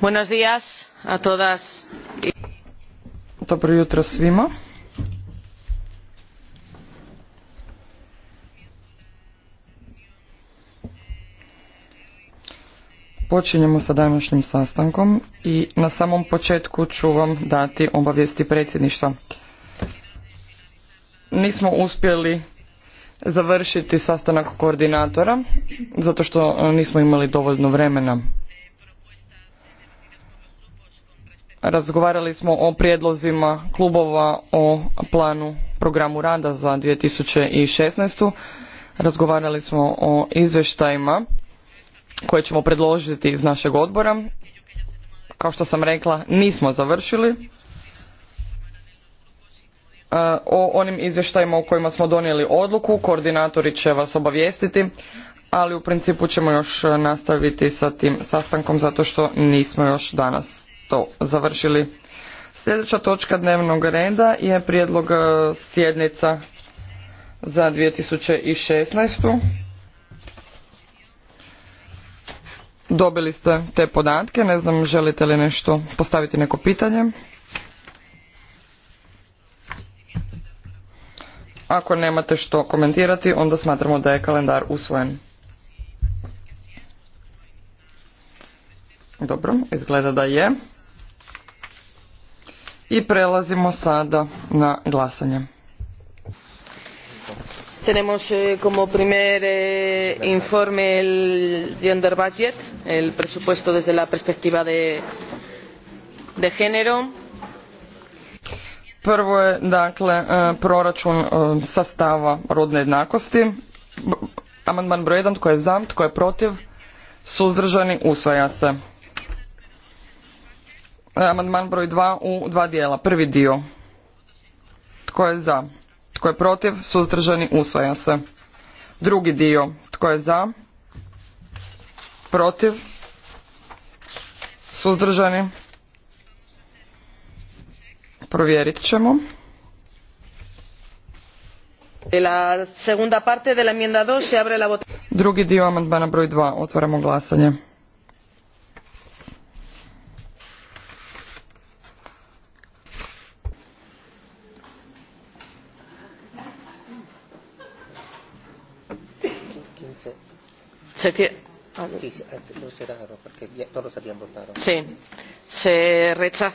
Buenos días a Dobro jutro svima. Počinjemo sa današnjim sastankom i na samom početku ću vam dati obavijesti predsjedništva. Nismo uspjeli završiti sastanak koordinatora zato što nismo imali dovoljno vremena Razgovarali smo o prijedlozima klubova o planu programu rada za 2016. Razgovarali smo o izvještajima koje ćemo predložiti iz našeg odbora. Kao što sam rekla, nismo završili e, o onim izvještajima o kojima smo donijeli odluku. Koordinatori će vas obavijestiti, ali u principu ćemo još nastaviti sa tim sastankom zato što nismo još danas to završili. Sljedeća točka dnevnog reda je prijedlog e, sjednica za 2016. Dobili ste te podatke, ne znam želite li nešto postaviti neko pitanje. Ako nemate što komentirati, onda smatramo da je kalendar usvojen. Dobro, izgleda da je. I prelazimo sada na glasanje. Tenemos eh, como primer eh, informe el gender budget, el presupuesto desde la perspectiva de, de género. Prvo je dakle eh, proračun eh, sastava rodne jednakosti. Amandman broj 1, tko je za, tko je protiv, suzdržani, usvaja se. E, amandman broj 2 u dva dijela. Prvi dio. Tko je za? Tko je protiv? Suzdržani usvaja se. Drugi dio. Tko je za? Protiv? Suzdržani? Provjerit ćemo. La segunda parte de la enmienda 2 se abre la Drugi dio amandmana broj 2. Otvaramo glasanje. se ah, sí, se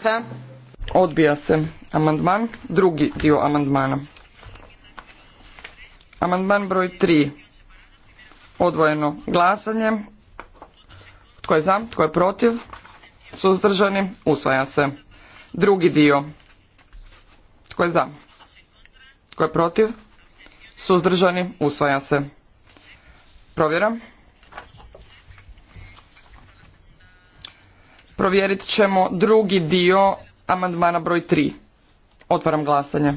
odbija se amandman drugi dio amandmana amandman broj tri odvojeno glasanje tko je za tko je protiv suzdržani usvaja se drugi dio tko je za tko je protiv suzdržani usvaja se provjera Provjerit ćemo drugi dio amandmana broj 3. Otvaram glasanje.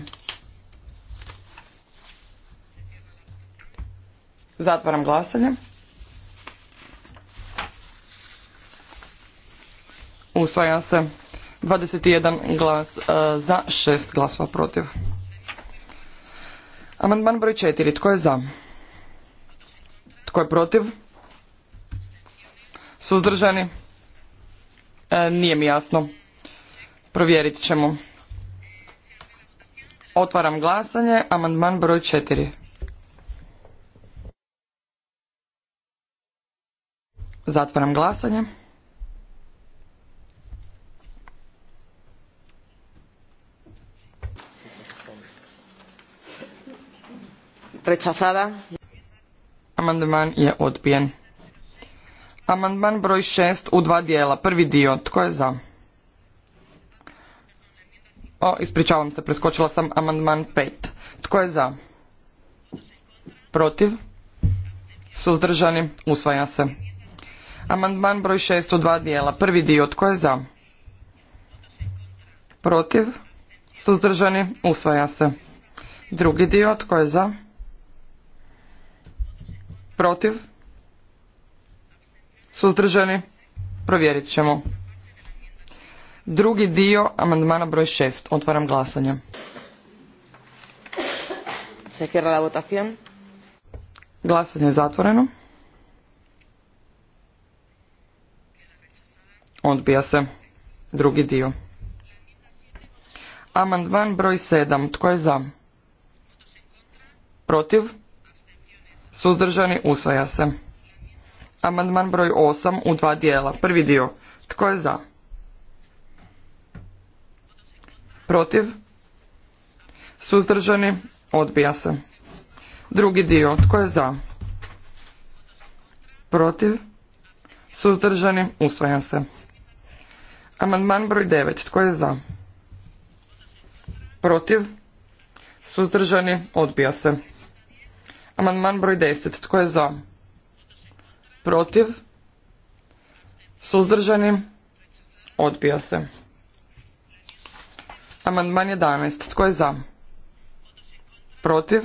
Zatvaram glasanje. Usvaja se 21 glas e, za, 6 glasova protiv. Amandman broj 4. Tko je za? Tko je protiv? Suzdržani? E, nije mi jasno. Provjerit ćemo. Otvaram glasanje. Amandman broj četiri. Zatvaram glasanje. Amandman je odbijen. Amandman broj šest u dva dijela. Prvi dio. Tko je za? O, ispričavam se, preskočila sam amandman pet, Tko je za? Protiv? Suzdržani? Usvaja se. Amandman broj šest u dva dijela. Prvi dio. Tko je za? Protiv? Suzdržani? Usvaja se. Drugi dio. Tko je za? Protiv? Suzdržani? Provjerit ćemo. Drugi dio amandmana broj 6. Otvaram glasanje. Se cierra la votación. Glasanje je zatvoreno. Odbija se. Drugi dio. Amandman broj 7. Tko je za? Protiv? Suzdržani usvaja se. Amandman broj 8 u dva dijela. Prvi dio. Tko je za? Protiv? Suzdržani? Odbija se. Drugi dio. Tko je za? Protiv? Suzdržani? Usvaja se. Amandman broj devet. Tko je za? Protiv? Suzdržani? Odbija se. Amandman broj 10. Tko je za? protiv, suzdržani, odbija se. Amandman 11. Tko je za? Protiv,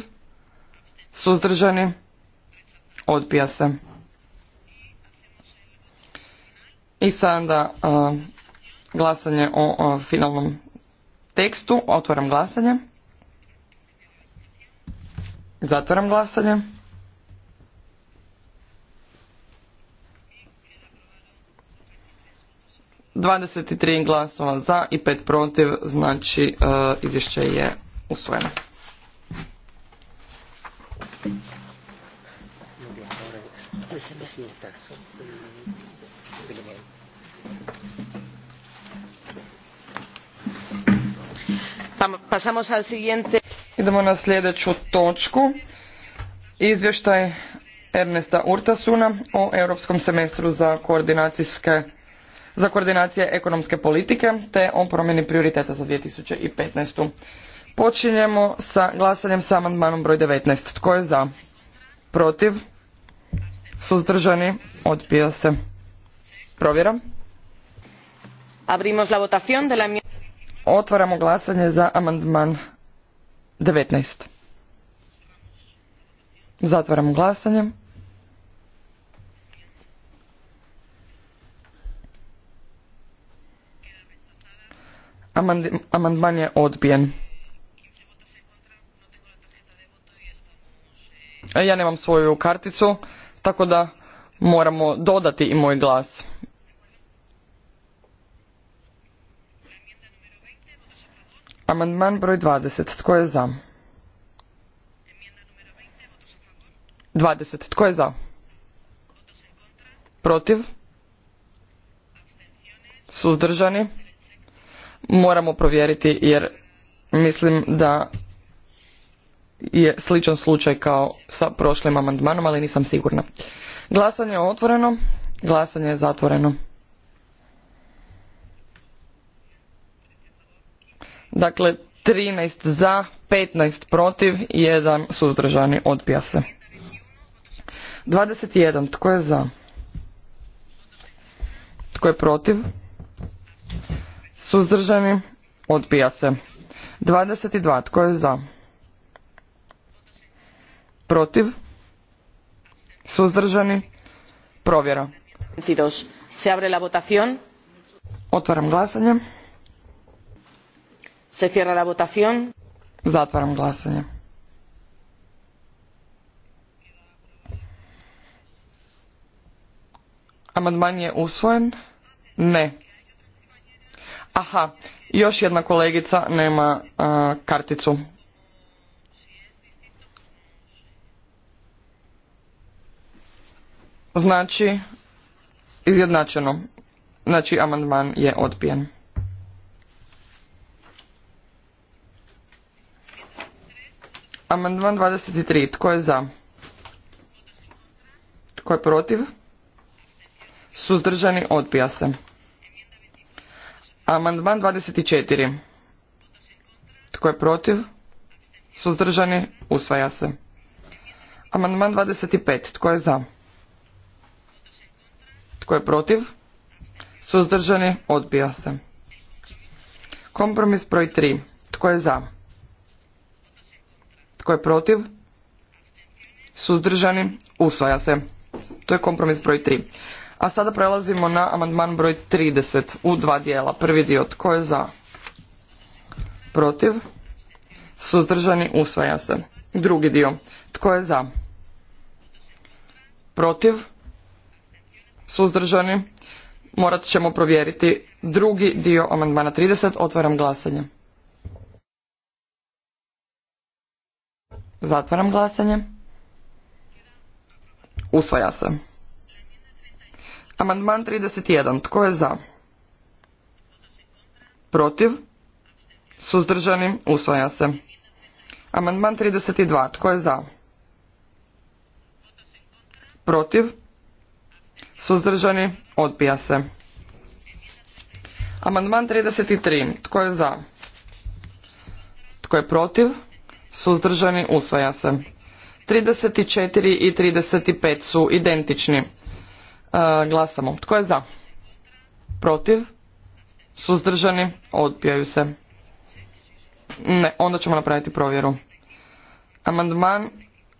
suzdržani, odbija se. I sada e, glasanje o, o finalnom tekstu. Otvaram glasanje. Zatvaram glasanje. 23 glasova za i 5 protiv, znači e, izvješće je usvojeno. siguiente. Idemo na sljedeću točku. Izvještaj Ernesta Urtasuna o europskom semestru za koordinacijske za koordinacije ekonomske politike te o promjeni prioriteta za 2015. Počinjemo sa glasanjem sa amandmanom broj 19. Tko je za? Protiv? Suzdržani? Odbija se. Provjera. Abrimos la Otvaramo glasanje za amandman 19. Zatvaramo glasanje. Amandman je odbijen. E, ja nemam svoju karticu, tako da moramo dodati i moj glas. Amandman broj 20. Tko je za? 20. Tko je za? Protiv? Suzdržani? moramo provjeriti jer mislim da je sličan slučaj kao sa prošlim amandmanom, ali nisam sigurna. Glasanje je otvoreno, glasanje je zatvoreno. Dakle, 13 za, 15 protiv, 1 suzdržani odbija se. 21. Tko je za? Tko je protiv? Suzdržani? Odbija se. 22. Tko je za? Protiv? Suzdržani? Provjera. Se abre la Otvaram glasanje. Se cierra la Zatvaram glasanje. Amandman je usvojen? Ne. Aha, još jedna kolegica nema karticu. Znači, izjednačeno. Znači, amandman je odbijen. Amandman 23. Tko je za? Tko je protiv? Suzdržani odbija se. Amandman 24. Tko je protiv? Suzdržani? Usvaja se. Amandman 25. Tko je za? Tko je protiv? Suzdržani? Odbija se. Kompromis broj 3. Tko je za? Tko je protiv? Suzdržani? Usvaja se. To je kompromis broj 3. A sada prelazimo na amandman broj 30 u dva dijela. Prvi dio tko je za? Protiv? Suzdržani usvaja se. Drugi dio tko je za? Protiv? Suzdržani? Morat ćemo provjeriti drugi dio amandmana 30. Otvaram glasanje. Zatvaram glasanje. Usvaja se. Amandman 31. Tko je za? Protiv? Suzdržani? Usvaja se. Amandman 32. Tko je za? Protiv? Suzdržani? Odbija se. Amandman 33. Tko je za? Tko je protiv? Suzdržani? Usvaja se. 34 i 35 su identični. E, glasamo. Tko je za? Protiv? Suzdržani? Odbijaju se. Ne, onda ćemo napraviti provjeru. Amandman,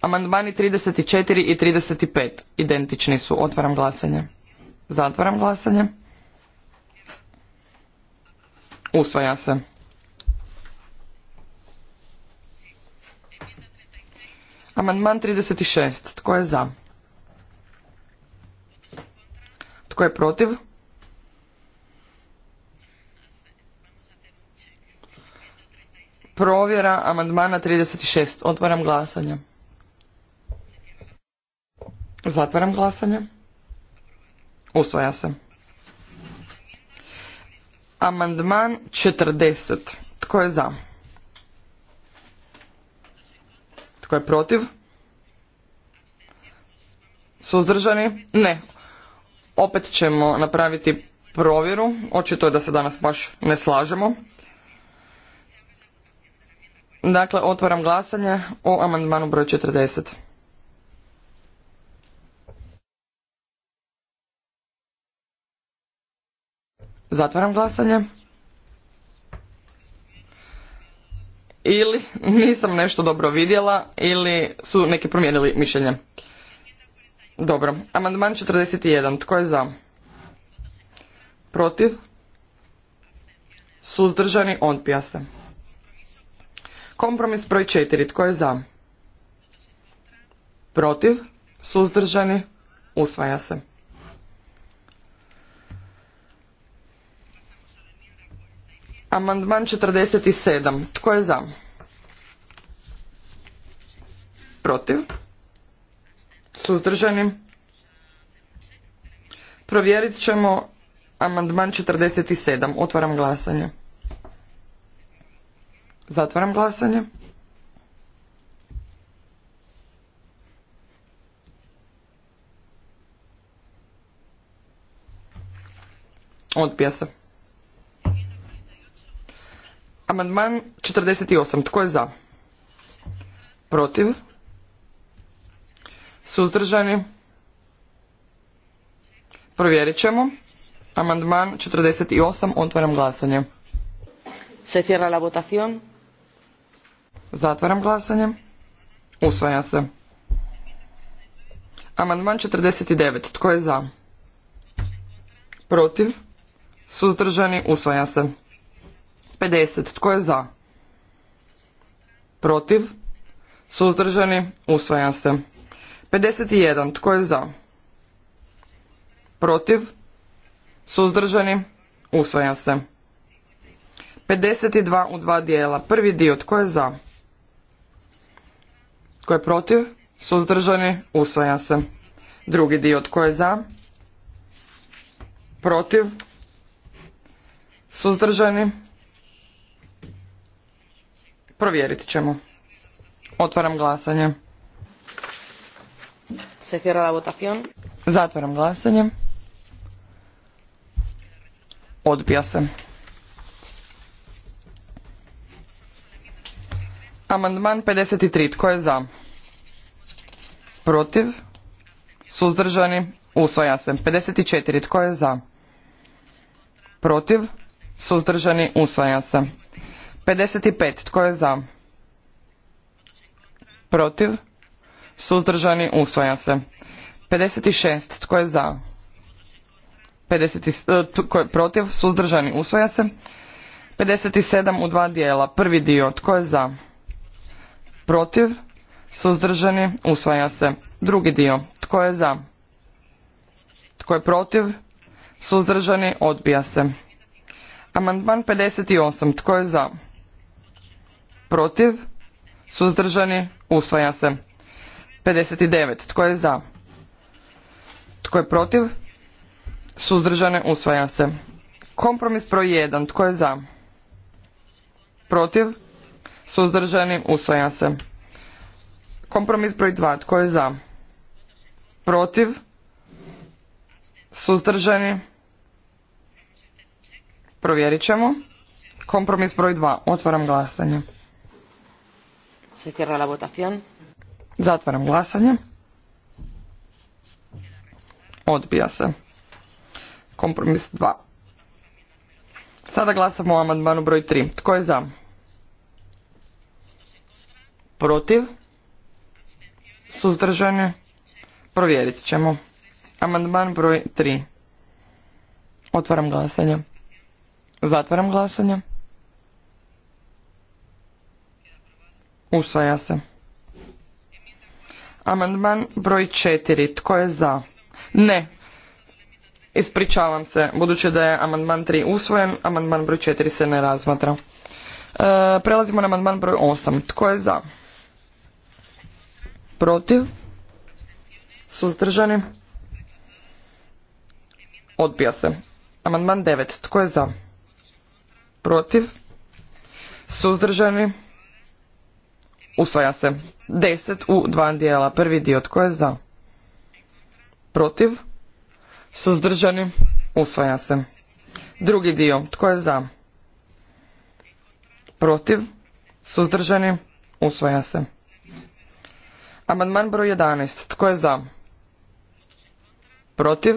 amandmani 34 i 35 identični su. Otvaram glasanje. Zatvaram glasanje. Usvaja se. Amandman 36. Tko je za? Tko je protiv? Provjera amandmana 36. Otvaram glasanje. Zatvaram glasanje. Usvaja se. Amandman 40. Tko je za? Tko je protiv? Suzdržani? Ne, opet ćemo napraviti provjeru. Očito je da se danas baš ne slažemo. Dakle, otvaram glasanje o amandmanu broj 40. Zatvaram glasanje. Ili nisam nešto dobro vidjela ili su neki promijenili mišljenje. Dobro. Amandman 41. Tko je za? Protiv? Suzdržani? pija se. Kompromis broj 4. Tko je za? Protiv? Suzdržani? Usvaja se. Amandman 47. Tko je za? Protiv? Suzdržani? Provjerit ćemo amandman 47. Otvaram glasanje. Zatvaram glasanje. Odbija se. Amandman 48. Tko je za? Protiv? Suzdržani? Provjerit ćemo. Amandman 48. Otvaram glasanje. Se cierra la votación. Zatvaram glasanje. Usvaja se. Amandman 49. Tko je za? Protiv? Suzdržani? Usvaja se. 50. Tko je za? Protiv? Suzdržani? Usvaja se. 51. Tko je za? Protiv? Suzdržani? Usvajan se. 52 u dva dijela. Prvi dio. Tko je za? Tko je protiv? Suzdržani? Usvajan se. Drugi dio. Tko je za? Protiv? Suzdržani? Provjerit ćemo. Otvaram glasanje. Se Zatvaram glasanje. Odbija se. Amandman 53. Tko je za? Protiv? Suzdržani? Usvaja se. 54. Tko je za? Protiv? Suzdržani? Usvaja se. 55. Tko je za? Protiv? Suzdržani? Usvaja se. 56. Tko je za? 50, eh, tko je protiv? Suzdržani? Usvaja se. 57 u dva dijela. Prvi dio. Tko je za? Protiv? Suzdržani? Usvaja se. Drugi dio. Tko je za? Tko je protiv? Suzdržani? Odbija se. Amandman 58. Tko je za? Protiv? Suzdržani? Usvaja se. 59. Tko je za? Tko je protiv? Suzdržane usvaja se. Kompromis broj 1. Tko je za? Protiv? Suzdržani usvaja se. Kompromis broj 2. Tko je za? Protiv? Suzdržani? Provjerit ćemo. Kompromis broj 2. Otvaram glasanje. Se cierra Zatvaram glasanje. Odbija se. Kompromis 2. Sada glasamo o amandmanu broj 3. Tko je za? Protiv? Suzdržane? Provjerit ćemo. Amandman broj 3. Otvaram glasanje. Zatvaram glasanje. Usvaja se. Amandman broj četiri, Tko je za? Ne. Ispričavam se, budući da je amandman tri usvojen, amandman broj četiri se ne razmatra. E, prelazimo na amandman broj osam, Tko je za? Protiv? Suzdržani? Odbija se. Amandman devet, Tko je za? Protiv? Suzdržani? Usvaja se. Deset u dva dijela. Prvi dio tko je za? Protiv? Suzdržani? Usvaja se. Drugi dio tko je za? Protiv? Suzdržani? Usvaja se. Amandman broj 11. Tko je za? Protiv?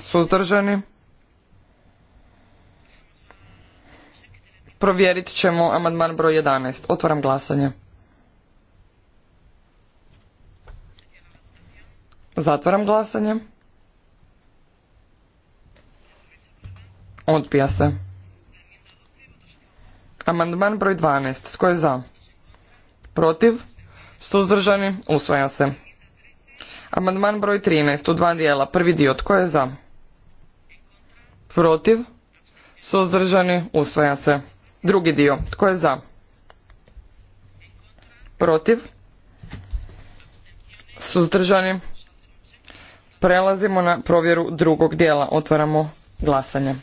Suzdržani? Provjerit ćemo amandman broj 11. Otvaram glasanje. Zatvaram glasanje. Odpija se. Amandman broj 12. Tko je za? Protiv? Suzdržani? Usvaja se. Amandman broj 13. U dva dijela. Prvi dio. Tko je za? Protiv? Suzdržani? Usvaja se. Drugi dio. Tko je za? Protiv? Suzdržani? Prelazimo na provjeru drugog dijela. Otvaramo glasanje.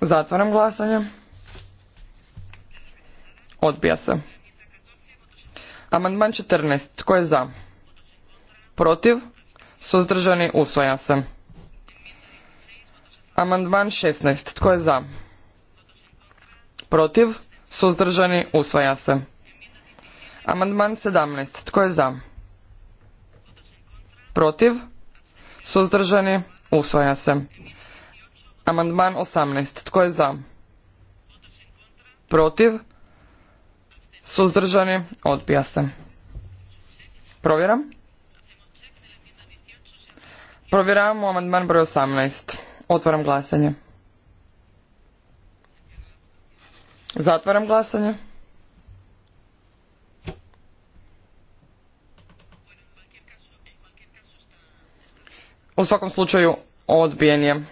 Zatvaram glasanje. Odbija se. Amandman 14. Tko je za? Protiv? Suzdržani? Usvaja se. Amandman 16. Tko je za? Protiv? Suzdržani? Usvaja se. Amandman 17. Tko je za? protiv, suzdržani, usvaja se. Amandman 18. Tko je za? Protiv, suzdržani, odbija se. Provjeram. Provjeravamo amandman broj 18. Otvaram glasanje. Zatvaram glasanje. U svakom slučaju odbijen je.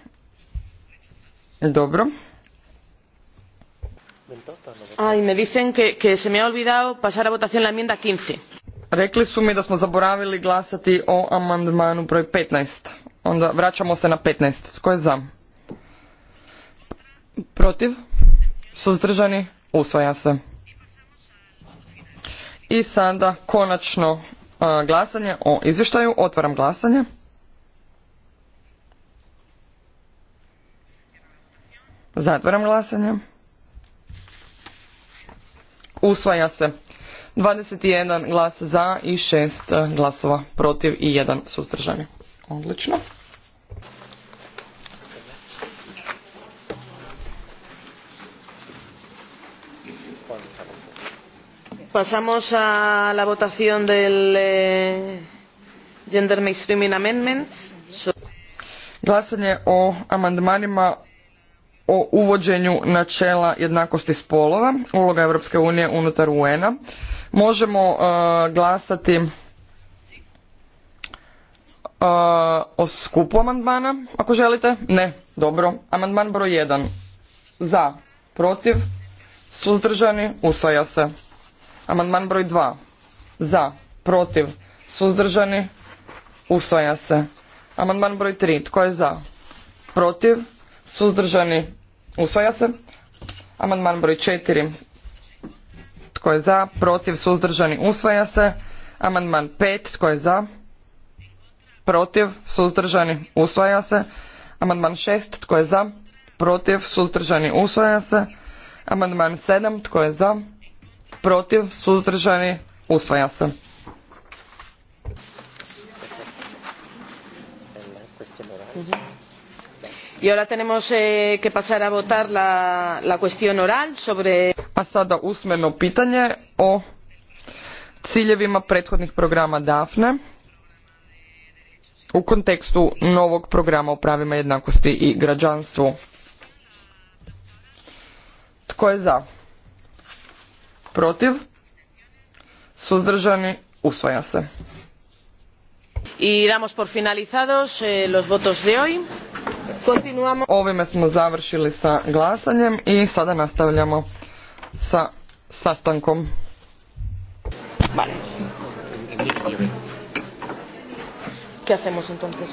Dobro. Aj ah, me dicen que, se me ha olvidado pasar a votación la enmienda 15. Rekli su mi da smo zaboravili glasati o amandmanu broj 15. Onda vraćamo se na 15. Tko je za? Protiv? Suzdržani? Usvaja se. I sada konačno glasanje o izvještaju. Otvaram glasanje. Zatvaram glasanje. Usvaja se. 21 glas za i 6 glasova protiv i 1 suzdržani. Odlično. Pasamos a la votación del eh, Gender Mainstreaming Amendments. So... Glasanje o amandmanima o uvođenju načela jednakosti spolova, uloga Europske unije unutar UN-a. Možemo e, glasati e, o skupu amandmana, ako želite. Ne, dobro. Amandman broj jedan, Za, protiv, suzdržani, usvaja se. Amandman broj dva, Za, protiv, suzdržani, usvaja se. Amandman broj tri, Tko je za? Protiv, Suzdržani? Usvaja se. Amandman broj četiri. Tko je za? Protiv? Suzdržani? Usvaja se. Amandman pet Tko je za? Protiv? Suzdržani? Usvaja se. Amandman šest Tko je za? Protiv? Suzdržani? Usvaja se. Amandman sedam Tko je za? Protiv? Suzdržani? Usvaja se. i ahora tenemos eh, que pasar a votar la, oral sobre... A sada usmeno pitanje o ciljevima prethodnih programa DAFNE u kontekstu novog programa o pravima jednakosti i građanstvu. Tko je za? Protiv? Suzdržani? Usvaja se. i damos por finalizados eh, los votos de hoy. Ovime smo završili sa glasanjem i sada nastavljamo sa sastankom. Vale. ¿Qué hacemos entonces?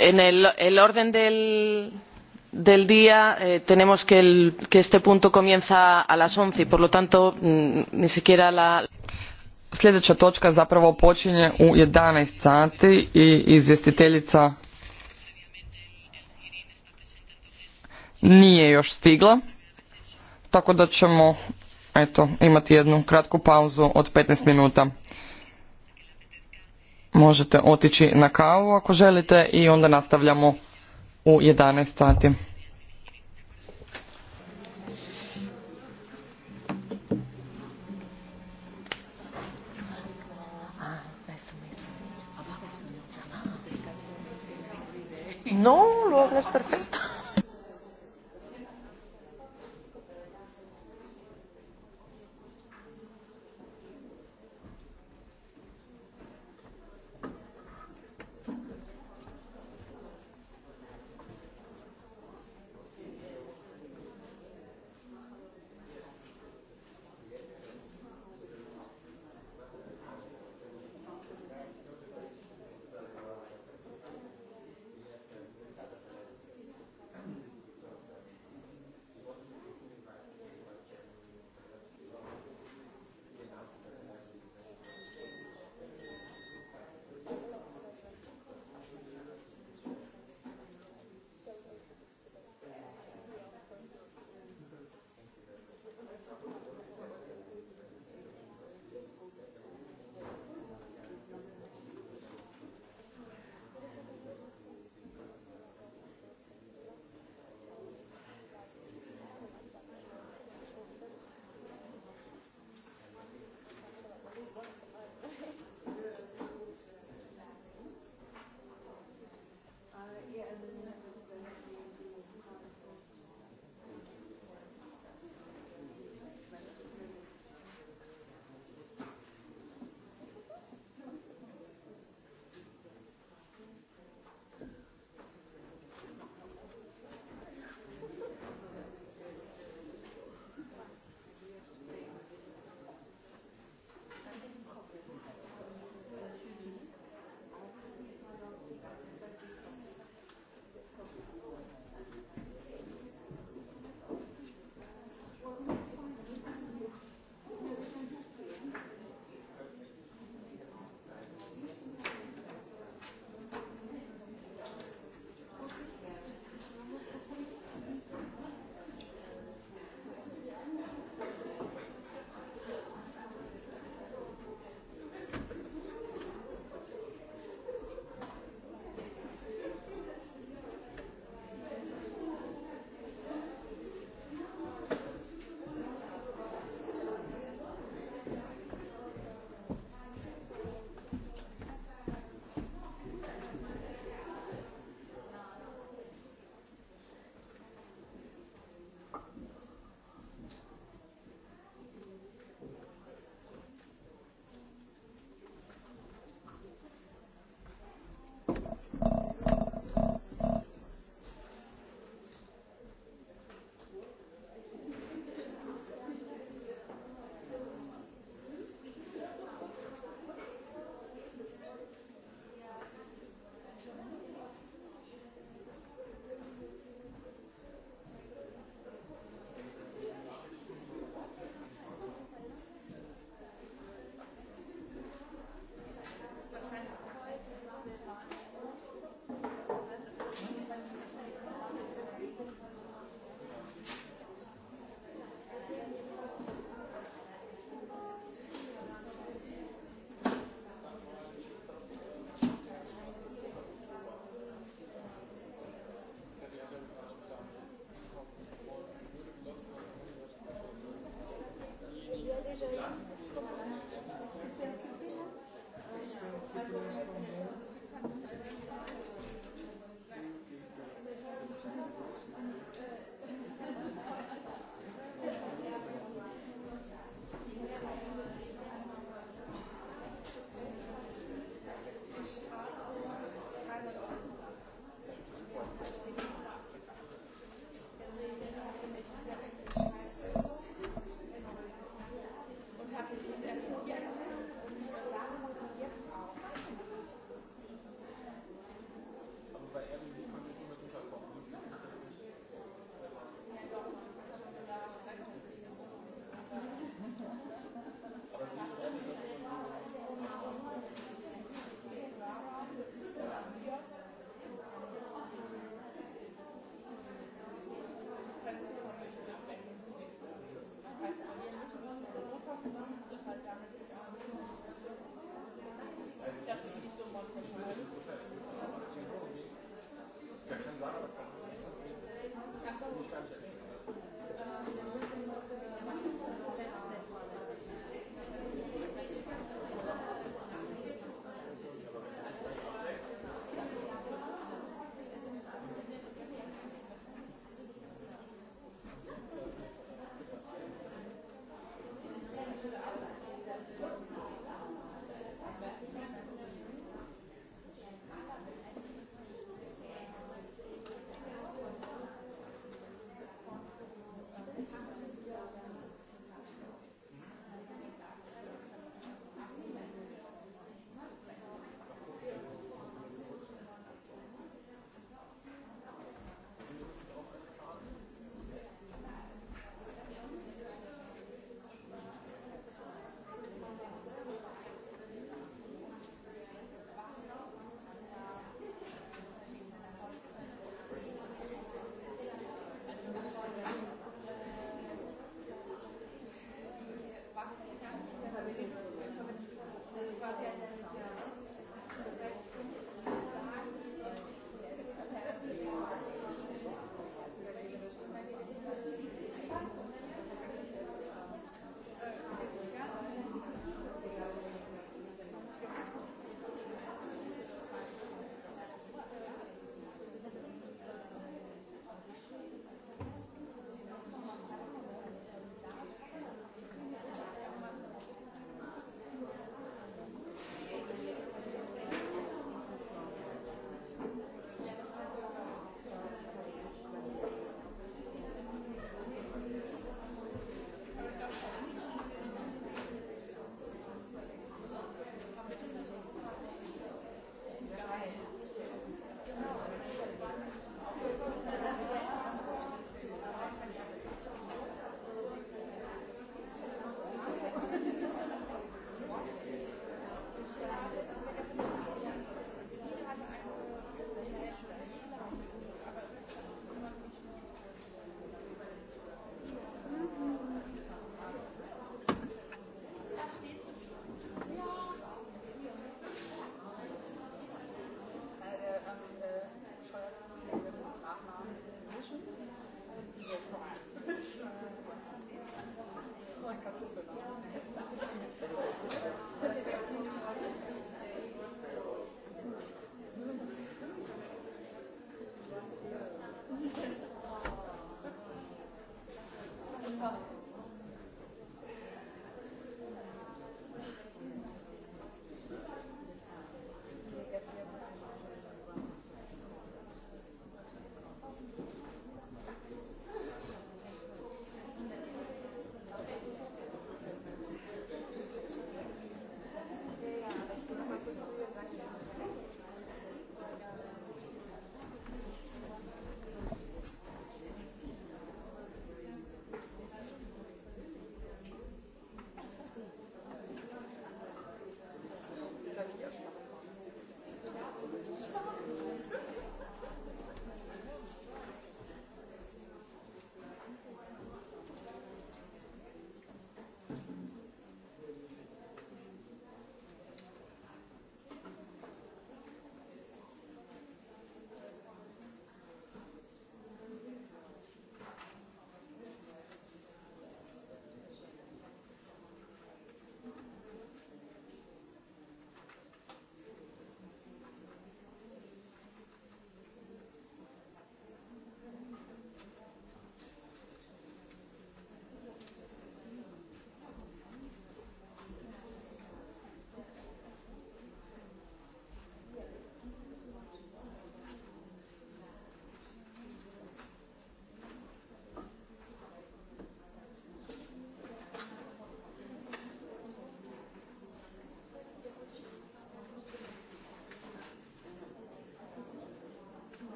en el, orden del, del día eh, tenemos que, este punto comienza a las once y por lo tanto mm, ni siquiera la sljedeća točka zapravo počinje u 11 sati i izvjestiteljica nije još stigla tako da ćemo eto imati jednu kratku pauzu od 15 minuta možete otići na kavu ako želite i onda nastavljamo u 11 sati.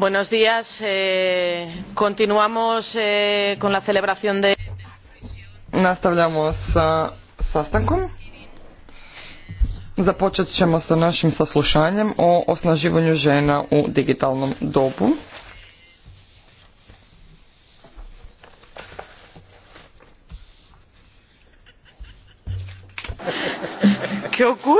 Buenos días. Eh, continuamos eh, con la celebración de... Nastavljamo sa sastankom. Započet ćemo sa našim saslušanjem o osnaživanju žena u digitalnom dobu.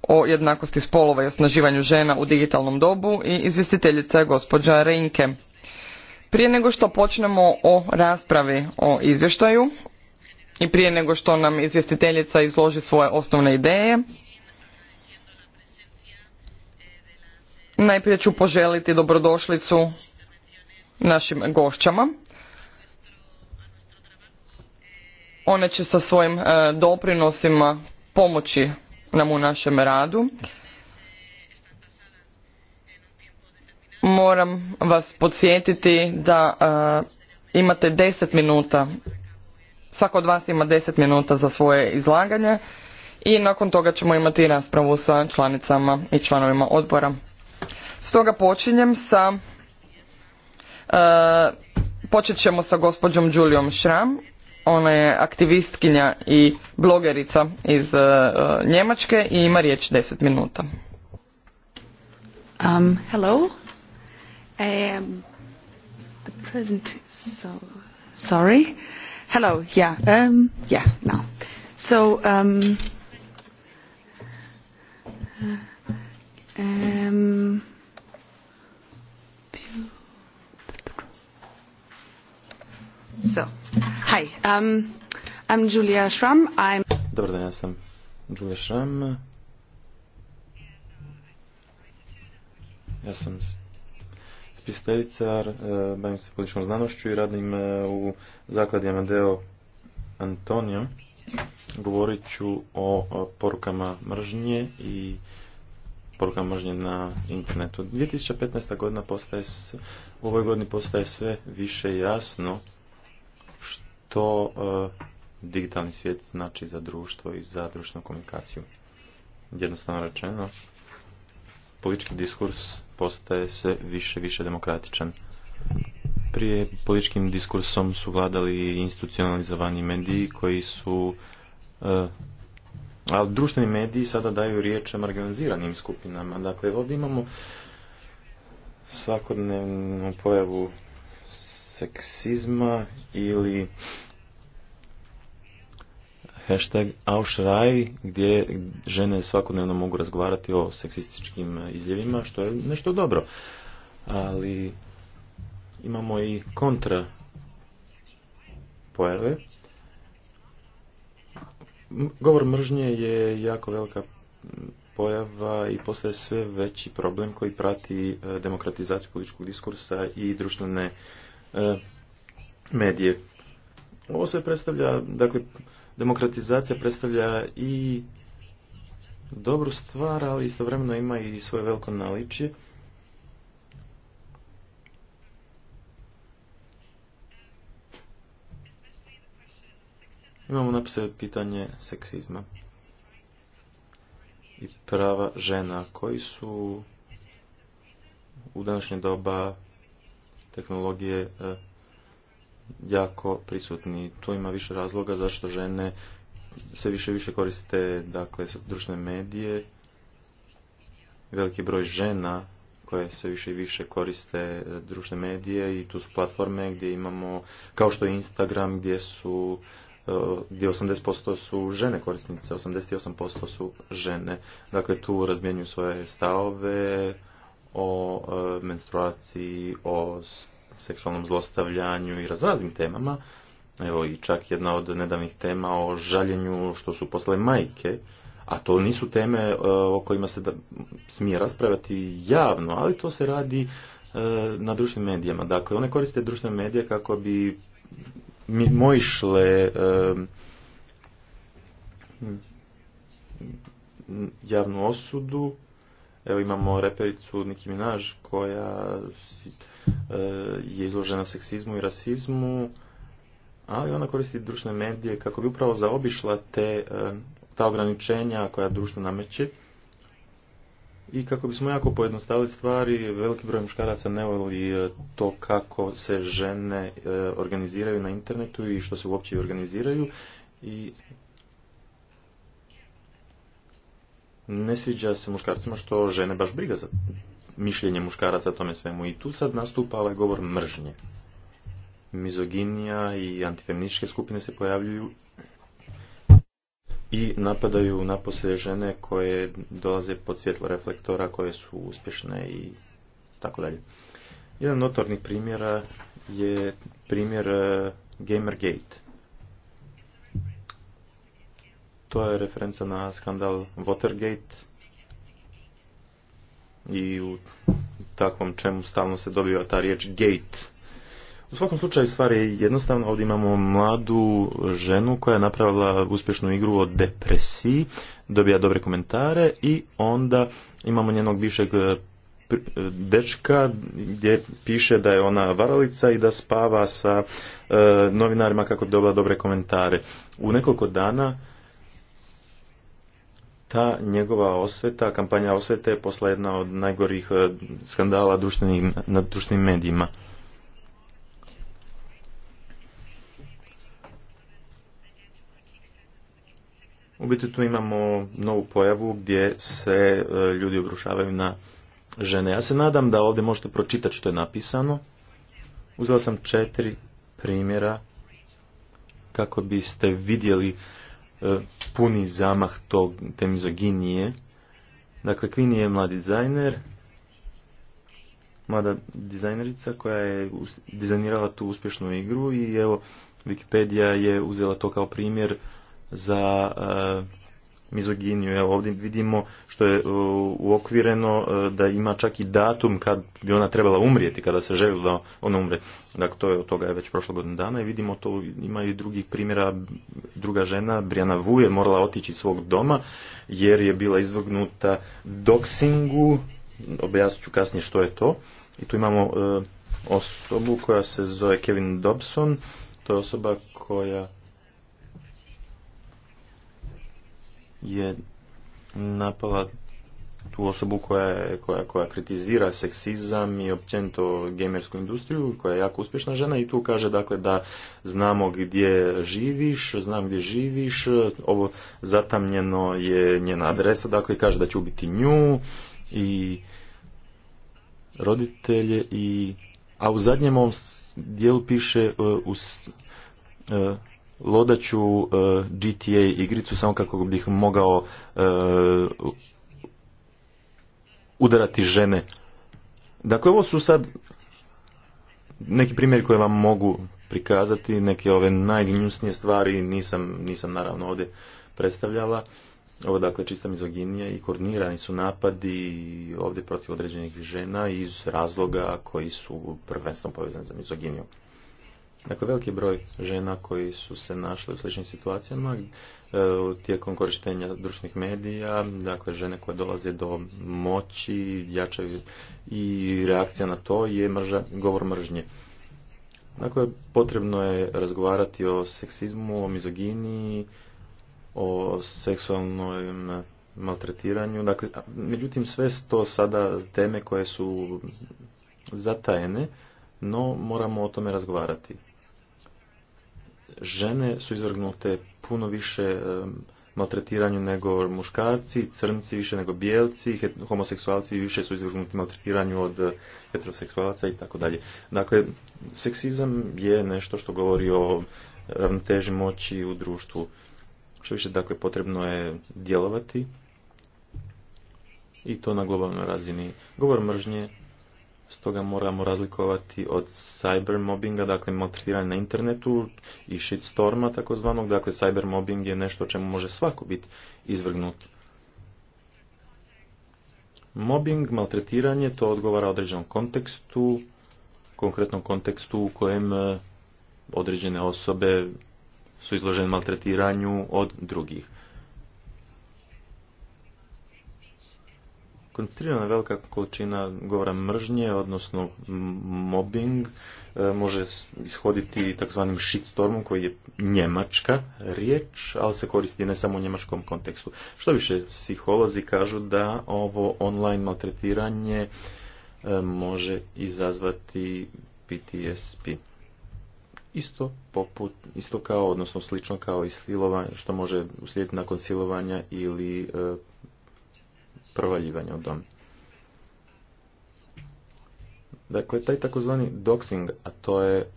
o jednakosti spolova i osnaživanju žena u digitalnom dobu i izvjestiteljica je gospođa Reinke. Prije nego što počnemo o raspravi o izvještaju i prije nego što nam izvjestiteljica izloži svoje osnovne ideje, najprije ću poželiti dobrodošlicu našim gošćama. One će sa svojim e, doprinosima pomoći nam u našem radu. Moram vas podsjetiti da e, imate 10 minuta, svako od vas ima 10 minuta za svoje izlaganje i nakon toga ćemo imati raspravu sa članicama i članovima odbora. Stoga počinjem sa, e, počet ćemo sa gospođom Julijom Šram ona je aktivistkinja i blogerica iz e, Njemačke i ima riječ 10 minuta. Um, hello. I am um, the present so sorry. Hello. Yeah. Um, yeah. Now. So um, uh, um So, hi, um, I'm Dobar dan, ja sam Julia Schramm. Ja sam spisateljica, e, bavim se političnom znanošću i radim e, u zakladi Amadeo Antonio. Govorit ću o porukama mržnje i poruka mržnje na internetu. 2015. godina postaje, u ovoj godini postaje sve više jasno to e, digitalni svijet znači za društvo i za društvenu komunikaciju. Jednostavno rečeno, politički diskurs postaje se više više demokratičan. Prije političkim diskursom su vladali institucionalizovani mediji koji su e, ali društveni mediji sada daju riječ marginaliziranim skupinama. Dakle, ovdje imamo svakodnevnu pojavu seksizma ili hashtag aušraj gdje žene svakodnevno mogu razgovarati o seksističkim izljevima što je nešto dobro ali imamo i kontra pojave govor mržnje je jako velika pojava i postaje sve veći problem koji prati e, demokratizaciju političkog diskursa i društvene E, medije. Ovo se predstavlja, dakle, demokratizacija predstavlja i dobru stvar, ali istovremeno ima i svoje veliko naličje. Imamo napise pitanje seksizma i prava žena koji su u današnje doba tehnologije e, jako prisutni. Tu ima više razloga zašto žene sve više i više koriste dakle, društvene medije. Veliki broj žena koje sve više i više koriste e, društvene medije i tu su platforme gdje imamo, kao što je Instagram, gdje su e, gdje 80% su žene korisnice, 88% su žene. Dakle, tu razmjenjuju svoje stavove, o e, menstruaciji, o seksualnom zlostavljanju i raznoraznim temama. Evo i čak jedna od nedavnih tema o žaljenju što su posle majke, a to nisu teme e, o kojima se da, smije raspravati javno, ali to se radi e, na društvenim medijama. Dakle, one koriste društvene medije kako bi mojšle javnu osudu Evo imamo repericu Niki Minaž koja eh, je izložena seksizmu i rasizmu, ali ona koristi društvene medije kako bi upravo zaobišla te, eh, ta ograničenja koja društvo nameće i kako bismo jako pojednostavili stvari, veliki broj muškaraca ne voli eh, to kako se žene organiziraju na internetu i što se uopće organiziraju i ne sviđa se muškarcima što žene baš briga za mišljenje muškaraca o tome svemu. I tu sad nastupa ovaj govor mržnje. Mizoginija i antifeminičke skupine se pojavljuju i napadaju napose žene koje dolaze pod svjetlo reflektora, koje su uspješne i tako dalje. Jedan notornih primjera je primjer eh, Gamergate to je referenca na skandal Watergate i u takvom čemu stalno se dobiva ta riječ gate. U svakom slučaju stvari je ovdje imamo mladu ženu koja je napravila uspješnu igru o depresiji, dobija dobre komentare i onda imamo njenog višeg eh, eh, dečka gdje piše da je ona varalica i da spava sa eh, novinarima kako bi dobila dobre komentare. U nekoliko dana ta njegova osveta, kampanja osvete je posla jedna od najgorih e, skandala društvenim, na društvenim medijima. U biti tu imamo novu pojavu gdje se e, ljudi obrušavaju na žene. Ja se nadam da ovdje možete pročitati što je napisano. Uzela sam četiri primjera kako biste vidjeli E, puni zamah tog, te Dakle, Queen je mladi dizajner, mlada dizajnerica koja je dizajnirala tu uspješnu igru i evo, Wikipedia je uzela to kao primjer za e, mizoginiju. Evo ovdje vidimo što je e, uokvireno e, da ima čak i datum kad bi ona trebala umrijeti, kada se želi da ona umre. Dakle, to je od toga je već prošlo godinu dana i vidimo to ima i drugih primjera. Druga žena, Brijana Vu, je morala otići iz svog doma jer je bila izvrgnuta doksingu. Objasnit ću kasnije što je to. I tu imamo e, osobu koja se zove Kevin Dobson. To je osoba koja je napala tu osobu koja, koja, koja kritizira seksizam i općenito gamersku industriju, koja je jako uspješna žena i tu kaže dakle da znamo gdje živiš, znam gdje živiš, ovo zatamljeno je njena adresa, dakle kaže da će ubiti nju i roditelje i a u zadnjem ovom dijelu piše uh, lodaću e, GTA igricu samo kako bih mogao e, udarati žene. Dakle, ovo su sad neki primjeri koje vam mogu prikazati, neke ove najgnjusnije stvari nisam, nisam naravno ovdje predstavljala. Ovo dakle čista mizoginija i koordinirani su napadi ovdje protiv određenih žena iz razloga koji su prvenstveno povezani za mizoginijom. Dakle, veliki broj žena koji su se našle u sličnim situacijama e, tijekom korištenja društvenih medija, dakle žene koje dolaze do moći, jačaju i reakcija na to je govor mržnje. Dakle, potrebno je razgovarati o seksizmu, o mizogini, o seksualnom maltretiranju. Dakle, međutim, sve to sada teme koje su zatajene, no moramo o tome razgovarati žene su izvrgnute puno više maltretiranju nego muškarci, crnci više nego bijelci, homoseksualci više su izvrgnuti maltretiranju od heteroseksualaca i tako dalje. Dakle, seksizam je nešto što govori o ravnoteži moći u društvu. Što više, dakle, potrebno je djelovati i to na globalnoj razini. Govor mržnje Stoga moramo razlikovati od mobbinga, dakle maltretiranja na internetu i shitstorma takozvanog. Dakle, cybermobbing je nešto o čemu može svako biti izvrgnut. Mobbing, maltretiranje, to odgovara određenom kontekstu, konkretnom kontekstu u kojem e, određene osobe su izložene maltretiranju od drugih. koncentrirana velika količina govora mržnje, odnosno mobbing, e, može ishoditi takzvanim shitstormom koji je njemačka riječ, ali se koristi ne samo u njemačkom kontekstu. Što više, psiholozi kažu da ovo online maltretiranje e, može izazvati PTSP. Isto poput, isto kao, odnosno slično kao i silovanje, što može uslijediti nakon silovanja ili e, provaljivanja u dom. Dakle, taj takozvani doxing, a to je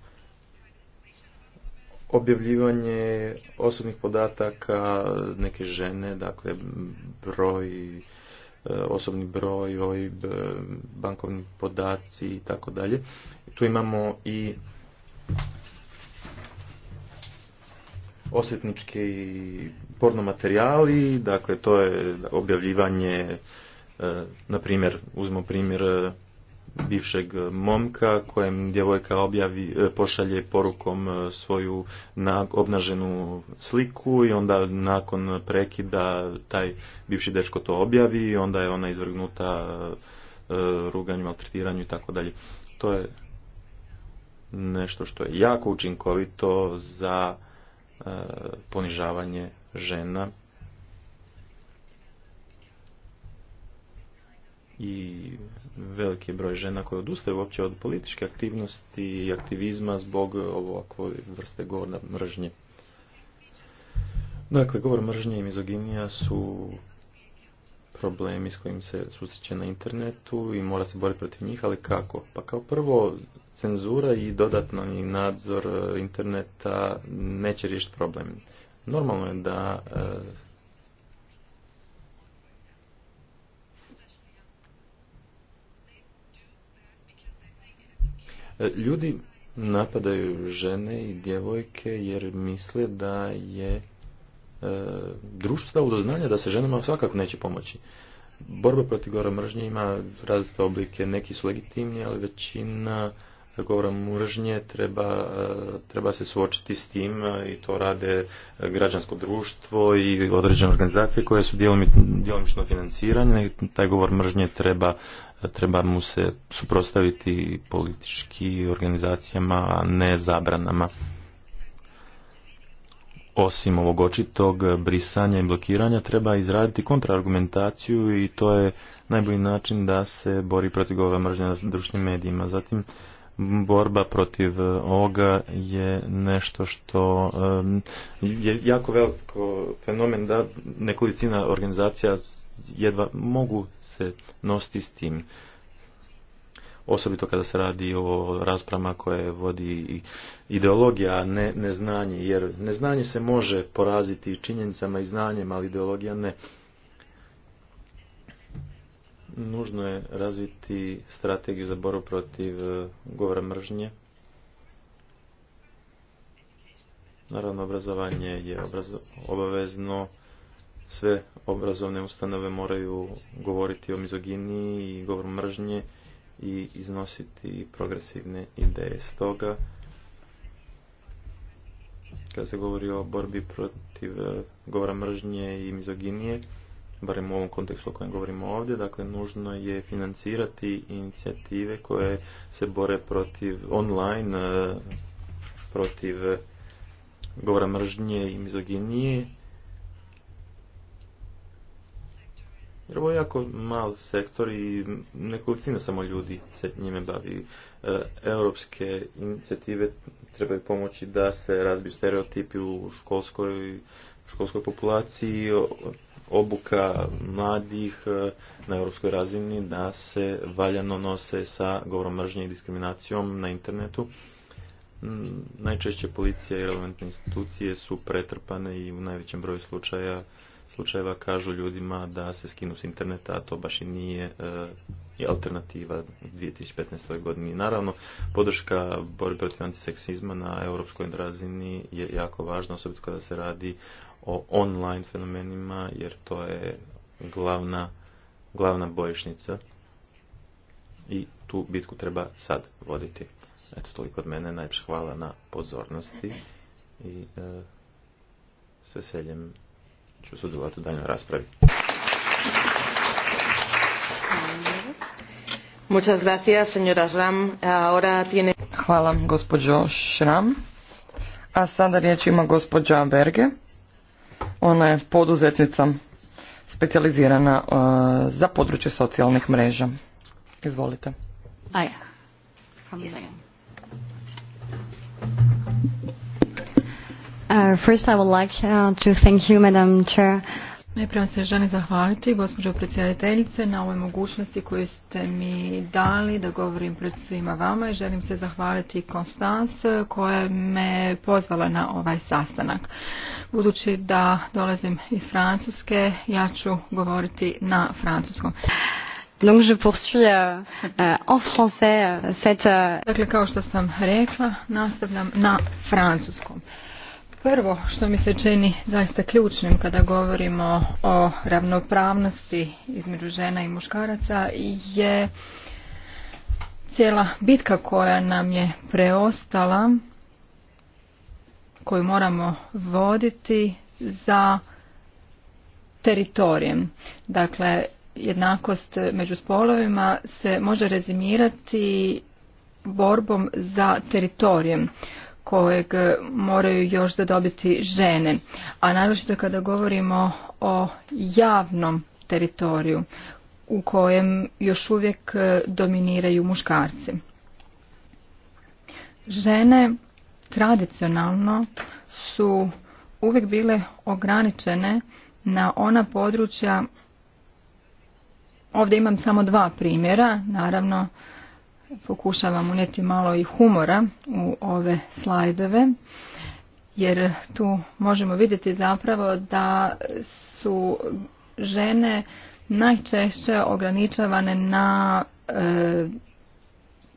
objavljivanje osobnih podataka neke žene, dakle broj, e, osobni broj, OIB, e, bankovni podaci i tako dalje. Tu imamo i osjetnički porno materijali, dakle to je objavljivanje, e, na primjer, uzmo primjer e, bivšeg momka kojem djevojka objavi, e, pošalje porukom svoju obnaženu sliku i onda nakon prekida taj bivši dečko to objavi i onda je ona izvrgnuta ruganju, maltretiranju i tako dalje. To je nešto što je jako učinkovito za E, ponižavanje žena i veliki broj žena koje odustaju uopće od političke aktivnosti i aktivizma zbog ovakve vrste govora mržnje. Dakle, govor mržnje i mizoginija su problemi s kojim se susreće na internetu i mora se boriti protiv njih, ali kako? Pa kao prvo, cenzura i dodatno i nadzor e, interneta neće riješiti problem. Normalno je da e, e, Ljudi napadaju žene i djevojke jer misle da je E, društva, u do da se ženama svakako neće pomoći. Borba protiv govora mržnje ima različite oblike, neki su legitimni, ali većina govora mržnje treba, e, treba se suočiti s tim e, i to rade građansko društvo i određene organizacije koje su djelomično financirane. Taj govor mržnje treba, treba mu se suprotstaviti politički organizacijama, a ne zabranama osim ovog očitog brisanja i blokiranja treba izraditi kontraargumentaciju i to je najbolji način da se bori protiv ove mržnje na društvenim medijima. Zatim borba protiv ovoga je nešto što je jako veliko fenomen da nekolicina organizacija jedva mogu se nositi s tim osobito kada se radi o raspravama koje vodi ideologija, a ne neznanje, jer neznanje se može poraziti činjenicama i znanjem, ali ideologija ne. Nužno je razviti strategiju za borbu protiv e, govora mržnje. Naravno, obrazovanje je obavezno sve obrazovne ustanove moraju govoriti o mizoginiji i govoru mržnje i iznositi progresivne ideje. Stoga, kada se govori o borbi protiv e, govora mržnje i mizoginije, barem u ovom kontekstu o kojem govorimo ovdje, dakle nužno je financirati inicijative koje se bore protiv online, e, protiv e, govora mržnje i mizoginije Jer ovo je jako mal sektor i nekolicina samo ljudi se njime bavi. E, europske inicijative trebaju pomoći da se razbiju stereotipi u školskoj, školskoj populaciji, obuka mladih e, na europskoj razini da se valjano nose sa govorom mržnje i diskriminacijom na internetu. Mm, najčešće policija i relevantne institucije su pretrpane i u najvećem broju slučaja slučajeva kažu ljudima da se skinu s interneta, a to baš i nije e, alternativa u 2015. godini. Naravno, podrška borbi protiv antiseksizma na europskoj razini je jako važna, osobito kada se radi o online fenomenima, jer to je glavna, glavna bojišnica i tu bitku treba sad voditi. Eto, toliko od mene, Najpša hvala na pozornosti i e, s veseljem ću sudjelovati u daljnjoj raspravi. Muchas gracias, señora Ram. Ahora tiene... Hvala, gospođo Šram. A sada riječ ima gospođa Berge. Ona je poduzetnica specijalizirana uh, za područje socijalnih mreža. Izvolite. Aja. Yes. Uh, first I would like uh, to thank you, Madam Chair. Najprije se želim zahvaliti, gospođo predsjedateljice, na ovoj mogućnosti koju ste mi dali da govorim pred svima vama i želim se zahvaliti Konstans koja me pozvala na ovaj sastanak. Budući da dolazim iz Francuske, ja ću govoriti na francuskom. Donc je poursuis euh, euh, en français euh, Dakle, kao što sam rekla, nastavljam na francuskom. Prvo što mi se čini zaista ključnim kada govorimo o ravnopravnosti između žena i muškaraca je cijela bitka koja nam je preostala, koju moramo voditi za teritorijem. Dakle, jednakost među spolovima se može rezimirati borbom za teritorijem kojeg moraju još zadobiti žene. A naročito kada govorimo o javnom teritoriju u kojem još uvijek e, dominiraju muškarci. Žene tradicionalno su uvijek bile ograničene na ona područja Ovdje imam samo dva primjera, naravno pokušavam unijeti malo i humora u ove slajdove jer tu možemo vidjeti zapravo da su žene najčešće ograničavane na e,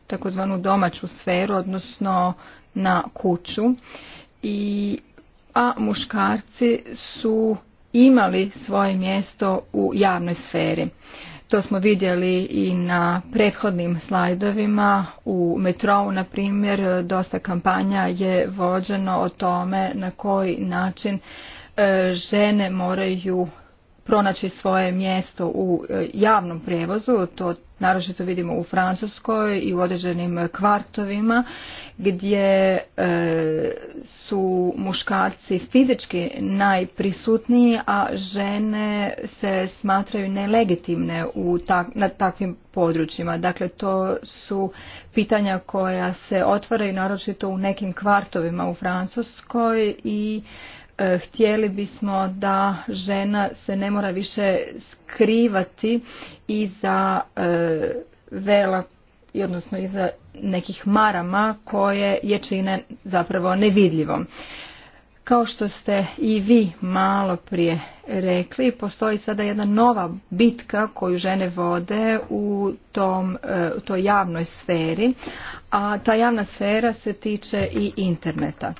takozvanu domaću sferu odnosno na kuću i a muškarci su imali svoje mjesto u javnoj sferi to smo vidjeli i na prethodnim slajdovima. U metrou, na primjer, dosta kampanja je vođeno o tome na koji način e, žene moraju pronaći svoje mjesto u e, javnom prijevozu, to naročito vidimo u Francuskoj i u određenim kvartovima gdje e, su muškarci fizički najprisutniji, a žene se smatraju nelegitimne u na takvim područjima. Dakle, to su pitanja koja se otvaraju naročito u nekim kvartovima u Francuskoj i E, htjeli bismo da žena se ne mora više skrivati iza e, vela odnosno iza nekih marama koje je čine zapravo nevidljivom. Kao što ste i vi malo prije rekli, postoji sada jedna nova bitka koju žene vode u tom, e, u toj javnoj sferi, a ta javna sfera se tiče i interneta.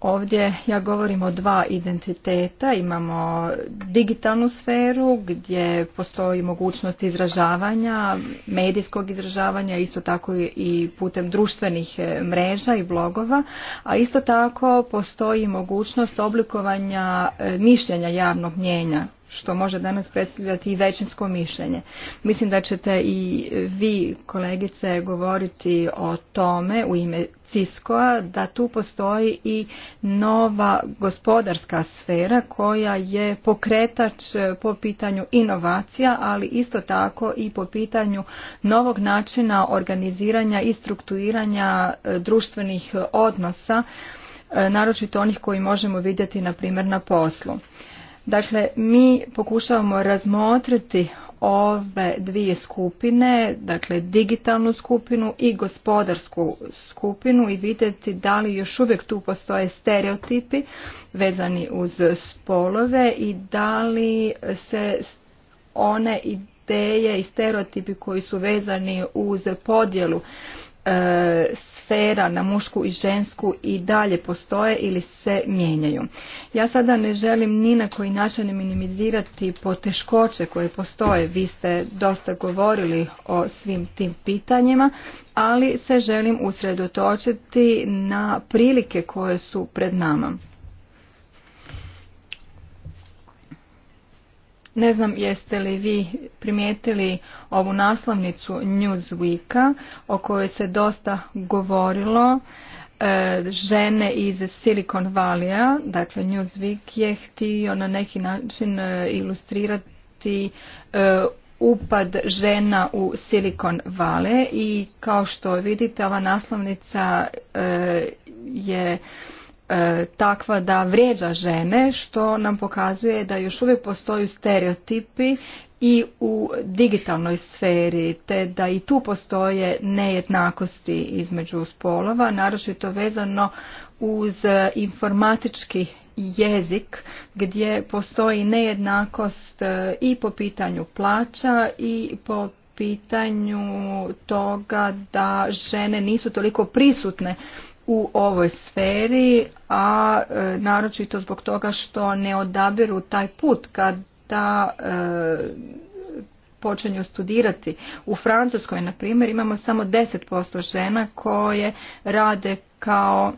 Ovdje ja govorim o dva identiteta, imamo digitalnu sferu gdje postoji mogućnost izražavanja, medijskog izražavanja, isto tako i putem društvenih e, mreža i blogova, a isto tako postoji mogućnost oblikovanja e, mišljenja javnog mjenja što može danas predstavljati i većinsko mišljenje. Mislim da ćete i vi, kolegice, govoriti o tome u ime Ciskoa da tu postoji i nova gospodarska sfera koja je pokretač e, po pitanju inovacija, ali isto tako i po pitanju novog načina organiziranja i strukturiranja e, društvenih odnosa, e, naročito onih koji možemo vidjeti na primjer na poslu. Dakle, mi pokušavamo razmotriti ove dvije skupine, dakle digitalnu skupinu i gospodarsku skupinu i vidjeti da li još uvijek tu postoje stereotipi vezani uz spolove i da li se one ideje i stereotipi koji su vezani uz podjelu e, sfera na mušku i žensku i dalje postoje ili se mijenjaju. Ja sada ne želim ni na koji način minimizirati poteškoće koje postoje. Vi ste dosta govorili o svim tim pitanjima, ali se želim usredotočiti na prilike koje su pred nama. Ne znam jeste li vi primijetili ovu naslovnicu Newsweeka o kojoj se dosta govorilo e, žene iz Silicon Valley-a, dakle Newsweek je htio na neki način e, ilustrirati e, upad žena u Silicon Valley i kao što vidite ova naslovnica je E, takva da vrijeđa žene što nam pokazuje da još uvijek postoju stereotipi i u digitalnoj sferi te da i tu postoje nejednakosti između spolova naročito vezano uz informatički jezik gdje postoji nejednakost e, i po pitanju plaća i po pitanju toga da žene nisu toliko prisutne u ovoj sferi, a e, naročito zbog toga što ne odabiru taj put kada e, počinju studirati. U Francuskoj, na primjer, imamo samo 10% žena koje rade kao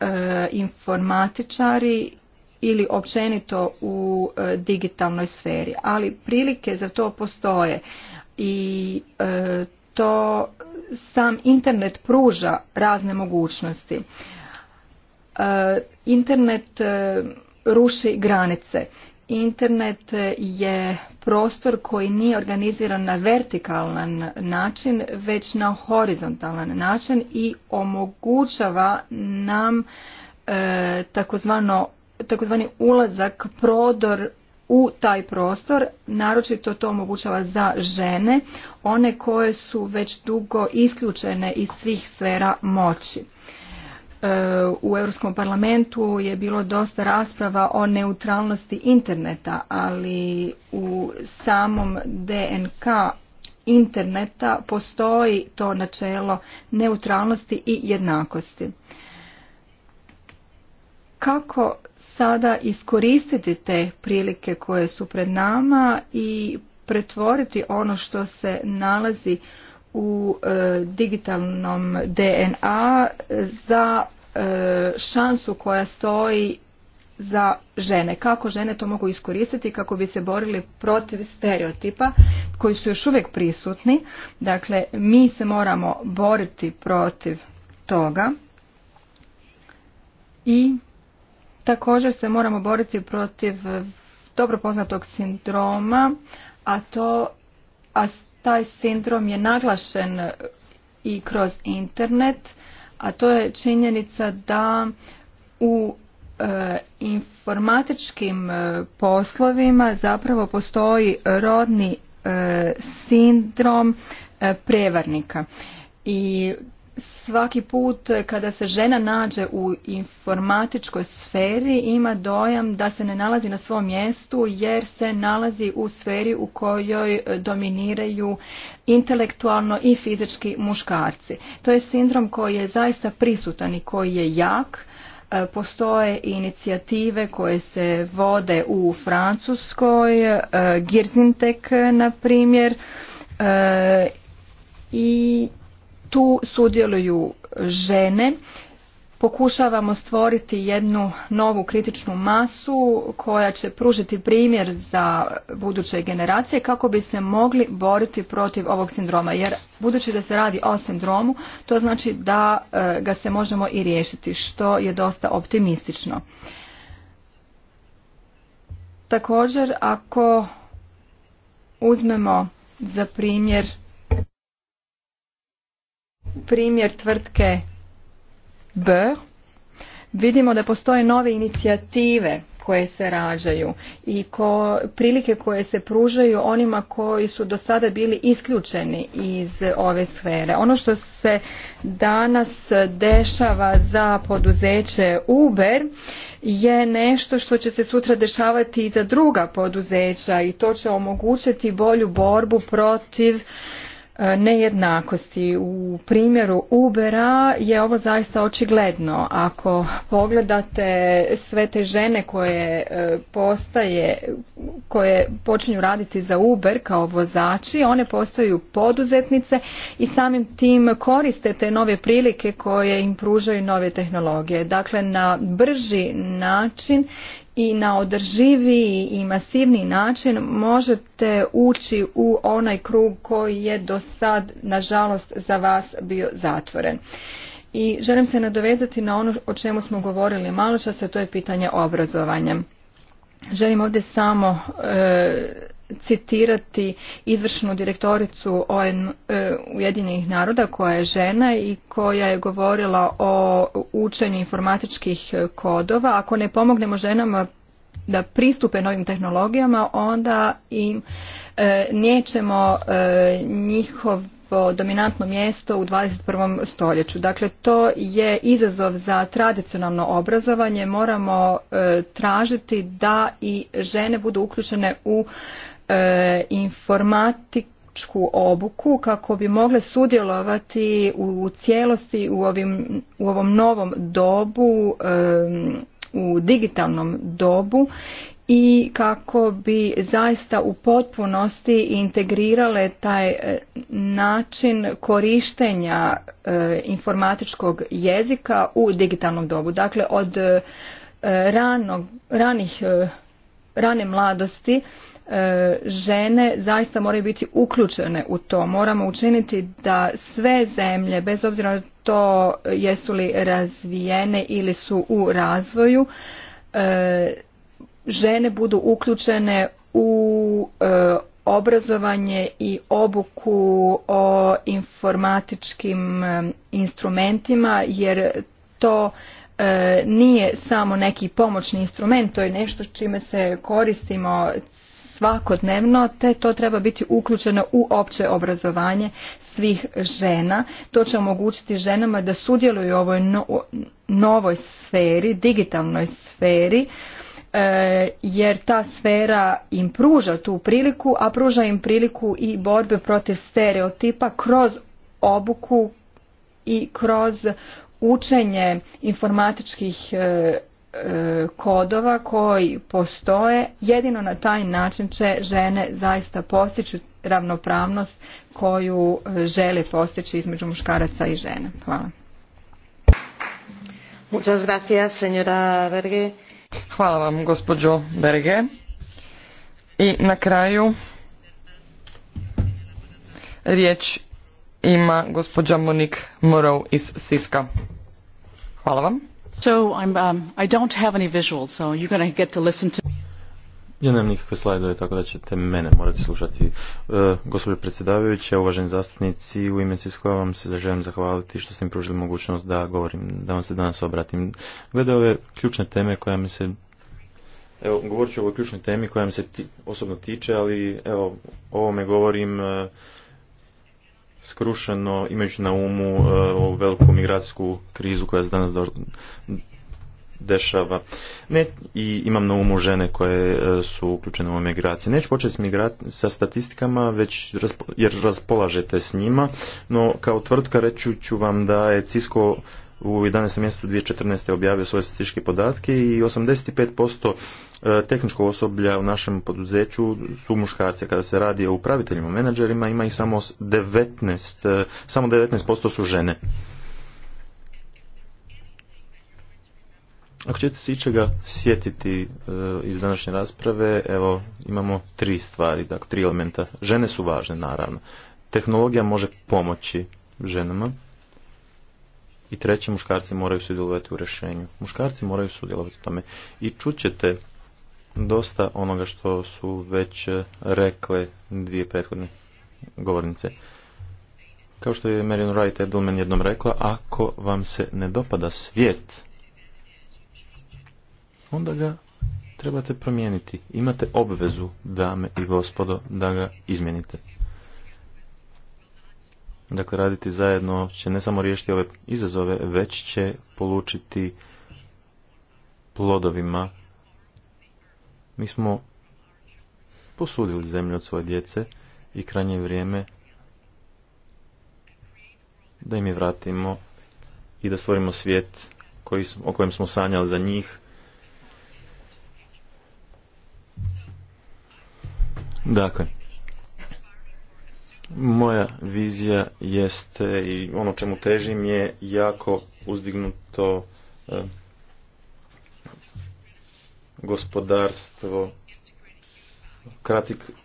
e, informatičari ili općenito u digitalnoj sferi. Ali prilike za to postoje i što sam internet pruža razne mogućnosti. E, internet e, ruši granice. Internet je prostor koji nije organiziran na vertikalan način, već na horizontalan način i omogućava nam e, takozvani ulazak, prodor u taj prostor, naročito to omogućava za žene, one koje su već dugo isključene iz svih sfera moći. E, u Europskom parlamentu je bilo dosta rasprava o neutralnosti interneta, ali u samom DNK interneta postoji to načelo neutralnosti i jednakosti. Kako sada iskoristiti te prilike koje su pred nama i pretvoriti ono što se nalazi u e, digitalnom DNA za e, šansu koja stoji za žene. Kako žene to mogu iskoristiti kako bi se borili protiv stereotipa koji su još uvijek prisutni. Dakle, mi se moramo boriti protiv toga i Također se moramo boriti protiv eh, dobro poznatog sindroma, a to a taj sindrom je naglašen eh, i kroz internet, a to je činjenica da u eh, informatičkim poslovima zapravo postoji rodni sindrom prevarnika. I svaki put kada se žena nađe u informatičkoj sferi ima dojam da se ne nalazi na svom mjestu jer se nalazi u sferi u kojoj dominiraju intelektualno i fizički muškarci. To je sindrom koji je zaista prisutan i koji je jak. E, postoje inicijative koje se vode u Francuskoj, e, Girzintek na primjer, e, i tu sudjeluju žene pokušavamo stvoriti jednu novu kritičnu masu koja će pružiti primjer za buduće generacije kako bi se mogli boriti protiv ovog sindroma jer budući da se radi o sindromu to znači da e, ga se možemo i riješiti što je dosta optimistično također ako uzmemo za primjer primjer tvrtke B, vidimo da postoje nove inicijative koje se rađaju i ko, prilike koje se pružaju onima koji su do sada bili isključeni iz ove sfere. Ono što se danas dešava za poduzeće Uber je nešto što će se sutra dešavati i za druga poduzeća i to će omogućiti bolju borbu protiv E, nejednakosti. U primjeru Ubera je ovo zaista očigledno. Ako pogledate sve te žene koje e, postaje, koje počinju raditi za Uber kao vozači, one postaju poduzetnice i samim tim koriste te nove prilike koje im pružaju nove tehnologije. Dakle, na brži način i na održiviji i masivni način možete ući u onaj krug koji je do sad nažalost za vas bio zatvoren. I želim se nadovezati na ono o čemu smo govorili malo čas, a to je pitanje obrazovanja. Želim ovdje samo e, citirati izvršnu direktoricu UN, e, naroda koja je žena i koja je govorila o učenju informatičkih kodova. Ako ne pomognemo ženama da pristupe novim tehnologijama, onda im e, nećemo e, njihov po dominantno mjesto u 21. stoljeću. Dakle, to je izazov za tradicionalno obrazovanje. Moramo e, tražiti da i žene budu uključene u e, informatičku obuku kako bi mogle sudjelovati u cijelosti u, ovim, u ovom novom dobu e, u digitalnom dobu i kako bi zaista u potpunosti integrirale taj e, način korištenja e, informatičkog jezika u digitalnom dobu. Dakle, od e, ranog, ranih, rane mladosti žene zaista moraju biti uključene u to. Moramo učiniti da sve zemlje, bez obzira na to jesu li razvijene ili su u razvoju, žene budu uključene u e, obrazovanje i obuku o informatičkim e, instrumentima jer to e, nije samo neki pomoćni instrument, to je nešto čime se koristimo svakodnevno, te to treba biti uključeno u opće obrazovanje svih žena. To će omogućiti ženama da sudjeluju u ovoj novoj sferi, digitalnoj sferi, E, jer ta sfera im pruža tu priliku, a pruža im priliku i borbe protiv stereotipa kroz obuku i kroz učenje informatičkih e, e, kodova koji postoje. Jedino na taj način će žene zaista postići ravnopravnost koju žele postići između muškaraca i žene. Hvala. Muchas gracias, señora Hvala vam gospođo Berge. I na kraju riječ ima gospođa Monique morau iz Siska. Hvala vam. So I'm, um, I don't have any visuals, so you're going to get to listen to me. Ja nemam nikakve slajdove, tako da ćete mene morati slušati. E, Gospodin uvaženi zastupnici, u ime koja vam se želim zahvaliti što ste mi pružili mogućnost da govorim, da vam se danas obratim. Glede ove ključne teme koja mi se... Evo, govorit ću o ovoj ključnoj temi koja mi se osobno tiče, ali evo, ovome govorim... E, skrušeno imajući na umu e, ovu veliku migracijsku krizu koja se danas do, dešava. Ne, I imam na umu žene koje e, su uključene u migracije. Neću početi s sa statistikama, već jer raspolažete s njima, no kao tvrtka reću ću vam da je Cisco u 11. mjesecu 2014. objavio svoje statističke podatke i 85% e, tehničkog osoblja u našem poduzeću su muškarci. Kada se radi o upraviteljima, menadžerima, ima ih samo 19%, e, samo 19% su žene. Ako ćete se ičega sjetiti e, iz današnje rasprave, evo imamo tri stvari, dakle tri elementa. Žene su važne naravno. Tehnologija može pomoći ženama. I treće, muškarci moraju sudjelovati u rješenju. Muškarci moraju sudjelovati u tome. I čućete dosta onoga što su već rekle dvije prethodne govornice. Kao što je Marion Wright Edelman jednom rekla, ako vam se ne dopada svijet, onda ga trebate promijeniti. Imate obvezu, dame i gospodo, da ga izmijenite. Dakle, raditi zajedno će ne samo riješiti ove izazove, već će polučiti plodovima. Mi smo posudili zemlju od svoje djece i krajnje vrijeme da im je vratimo i da stvorimo svijet o kojem smo sanjali za njih Dakle, moja vizija jeste i ono čemu težim je jako uzdignuto e, gospodarstvo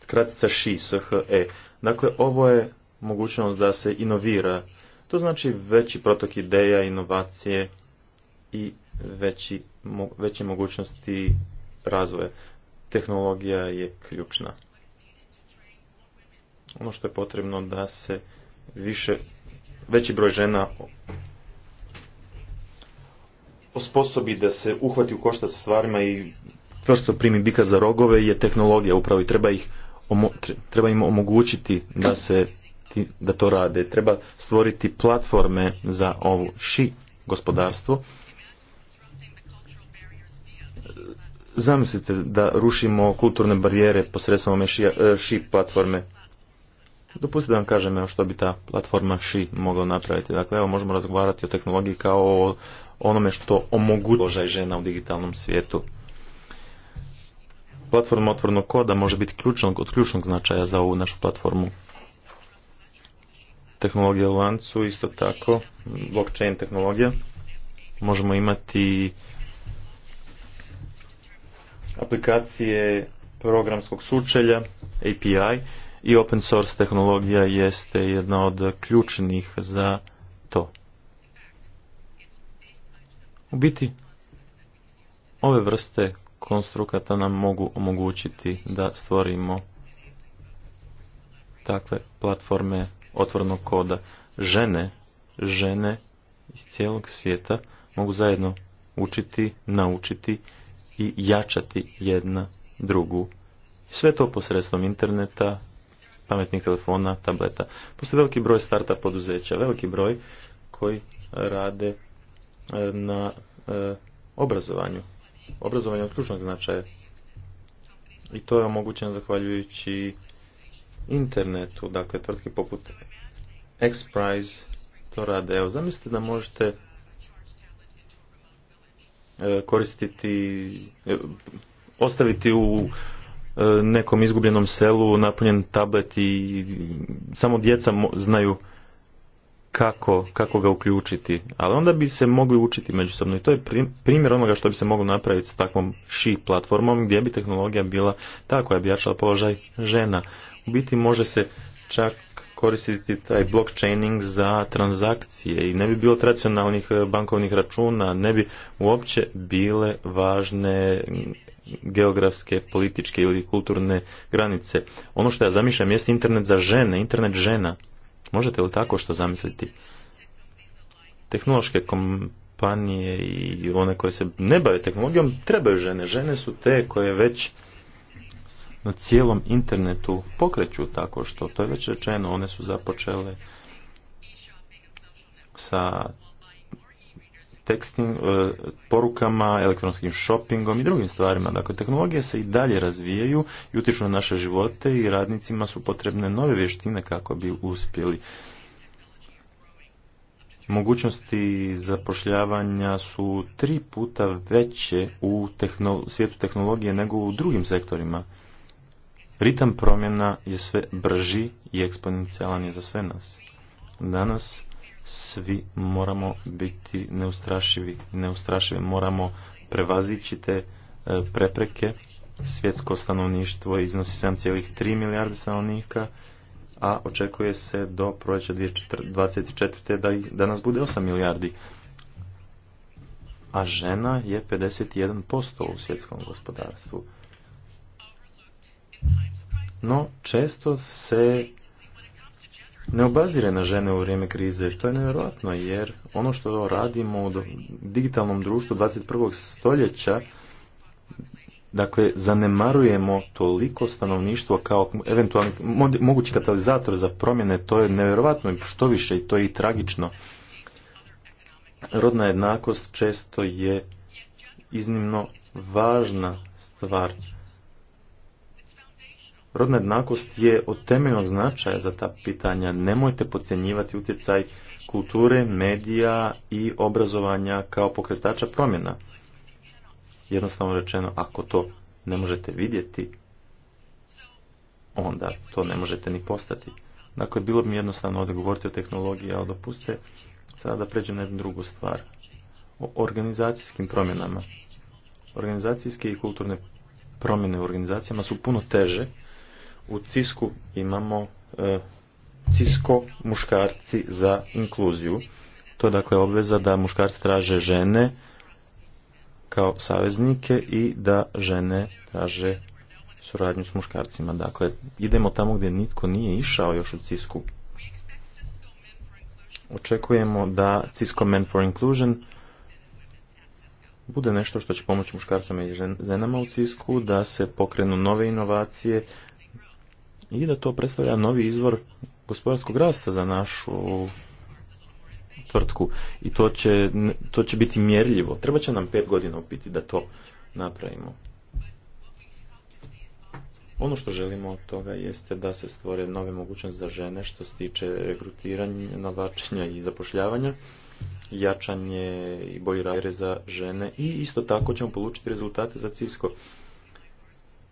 kratica ši SHE. Dakle, ovo je mogućnost da se inovira. To znači veći protok ideja, inovacije i veći, veće mogućnosti razvoja. Tehnologija je ključna ono što je potrebno da se više, veći broj žena osposobi da se uhvati u košta sa stvarima i tvrsto primi bika za rogove je tehnologija upravo i treba, ih, treba im omogućiti da se da to rade. Treba stvoriti platforme za ovo ši gospodarstvo. Zamislite da rušimo kulturne barijere posredstvom e, ši platforme. Dopustite da vam kažem što bi ta platforma ši mogla napraviti. Dakle, evo možemo razgovarati o tehnologiji kao o onome što omogućuje žena u digitalnom svijetu. Platforma otvornog koda može biti ključnog, od ključnog značaja za ovu našu platformu. Tehnologija u lancu, isto tako, blockchain tehnologija. Možemo imati aplikacije programskog sučelja, API, i open source tehnologija jeste jedna od ključnih za to. U biti, ove vrste konstrukata nam mogu omogućiti da stvorimo takve platforme otvornog koda. Žene, žene iz cijelog svijeta mogu zajedno učiti, naučiti i jačati jedna drugu. Sve to posredstvom interneta, pametnih telefona, tableta. Postoji veliki broj starta poduzeća, veliki broj koji rade e, na e, obrazovanju. Obrazovanje od ključnog značaja. I to je omogućeno zahvaljujući internetu, dakle tvrtke poput XPRIZE to rade. Evo, zamislite da možete e, koristiti, ostaviti u E, nekom izgubljenom selu napunjen tablet i samo djeca znaju kako, kako ga uključiti. Ali onda bi se mogli učiti međusobno i to je primjer onoga što bi se moglo napraviti s takvom ši platformom gdje bi tehnologija bila ta koja bi jačala položaj žena. U biti može se čak koristiti taj blockchaining za transakcije i ne bi bilo tradicionalnih eh, bankovnih računa, ne bi uopće bile važne geografske, političke ili kulturne granice. Ono što ja zamišljam jest internet za žene, internet žena. Možete li tako što zamisliti? Tehnološke kompanije i one koje se ne bave tehnologijom trebaju žene. Žene su te koje već na cijelom internetu pokreću tako što to je već rečeno, one su započele sa teksting, e, porukama, elektronskim shoppingom i drugim stvarima. Dakle, tehnologije se i dalje razvijaju i utiču na naše živote i radnicima su potrebne nove vještine kako bi uspjeli. Mogućnosti zapošljavanja su tri puta veće u svijetu tehnologije nego u drugim sektorima. Ritam promjena je sve brži i eksponencijalan je za sve nas. Danas svi moramo biti neustrašivi. Neustrašivi moramo prevazići te e, prepreke. Svjetsko stanovništvo iznosi 7,3 milijarde stanovnika, a očekuje se do proječa 2024. da, da nas bude 8 milijardi. A žena je 51% u svjetskom gospodarstvu no često se ne obazire na žene u vrijeme krize, što je nevjerojatno, jer ono što radimo u digitalnom društvu 21. stoljeća, dakle, zanemarujemo toliko stanovništvo kao eventualni mogući katalizator za promjene, to je nevjerojatno i što više i to je i tragično. Rodna jednakost često je iznimno važna stvar Rodna jednakost je od temeljnog značaja za ta pitanja. Nemojte podcjenjivati utjecaj kulture, medija i obrazovanja kao pokretača promjena. Jednostavno rečeno, ako to ne možete vidjeti, onda to ne možete ni postati. Dakle, bilo bi mi jednostavno govoriti o tehnologiji, ali dopustite sada da pređem na jednu drugu stvar. O organizacijskim promjenama. Organizacijske i kulturne promjene u organizacijama su puno teže u Cisku imamo e, Cisko muškarci za inkluziju. To je dakle obveza da muškarci traže žene kao saveznike i da žene traže suradnju s muškarcima. Dakle, idemo tamo gdje nitko nije išao još u Cisku. Očekujemo da Cisco Men for Inclusion bude nešto što će pomoći muškarcama i ženama u Cisku, da se pokrenu nove inovacije, i da to predstavlja novi izvor gospodarskog rasta za našu tvrtku i to će, to će biti mjerljivo. Treba će nam pet godina upiti da to napravimo. Ono što želimo od toga jeste da se stvore nove mogućnosti za žene što se tiče rekrutiranja, navlačenja i zapošljavanja, jačanje i bolji rajere za žene i isto tako ćemo polučiti rezultate za CISKO.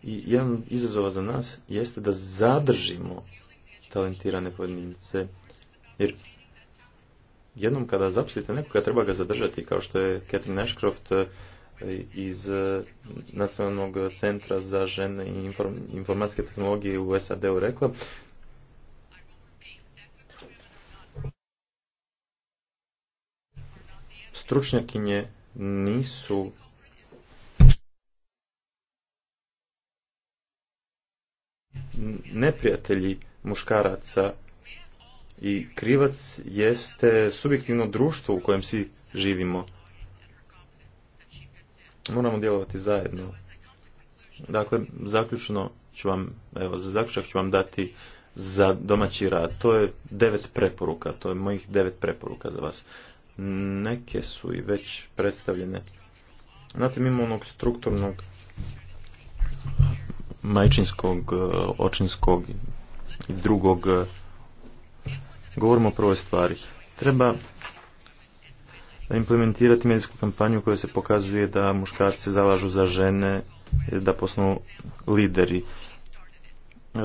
I jedan od izazova za nas jeste da zadržimo talentirane pojedince. Jer jednom kada zaposlite nekoga treba ga zadržati, kao što je Catherine Ashcroft e, iz e, Nacionalnog centra za žene i informacijske tehnologije u SAD-u rekla, stručnjakinje nisu neprijatelji muškaraca i krivac jeste subjektivno društvo u kojem svi živimo. Moramo djelovati zajedno. Dakle, zaključno ću vam, evo, za zaključak ću vam dati za domaći rad. To je devet preporuka, to je mojih devet preporuka za vas. Neke su i već predstavljene. Znate, mimo onog strukturnog majčinskog, e, očinskog i drugog. E, govorimo o prvoj stvari. Treba implementirati medijsku kampanju koja se pokazuje da muškarci se zalažu za žene, da postanu lideri. E,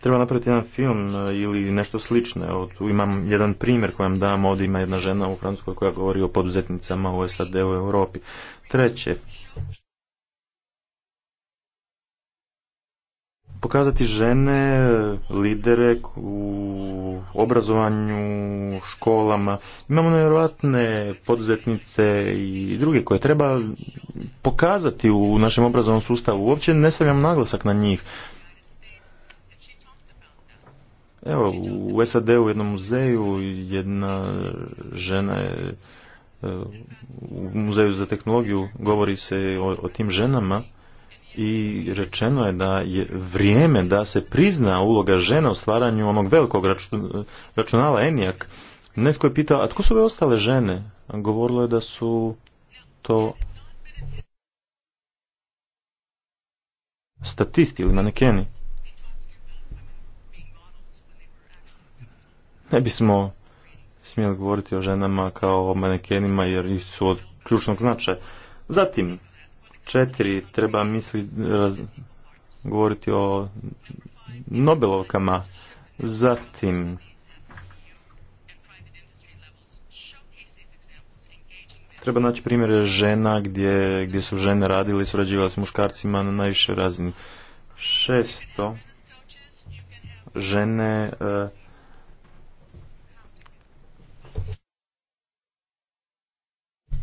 treba napraviti jedan film ili nešto slično. Evo, tu imam jedan primjer kojem dam, ovdje ima jedna žena u Francuskoj koja govori o poduzetnicama u SAD u Europi. Treće, pokazati žene, lidere u obrazovanju, školama. Imamo nevjerojatne poduzetnice i druge koje treba pokazati u našem obrazovnom sustavu. Uopće ne stavljam naglasak na njih. Evo, u SAD-u jednom muzeju jedna žena je e, u muzeju za tehnologiju govori se o, o tim ženama i rečeno je da je vrijeme da se prizna uloga žena u stvaranju onog velikog računala Enijak. Netko je pitao, a tko su ove ostale žene? Govorilo je da su to statisti ili manekeni. Ne bismo smjeli govoriti o ženama kao o manekenima jer su od ključnog značaja. Zatim, četiri treba misli govoriti o Nobelovkama, zatim treba naći primjere žena gdje, gdje su žene radile i surađivale s muškarcima na najviše razini. Šesto, žene e,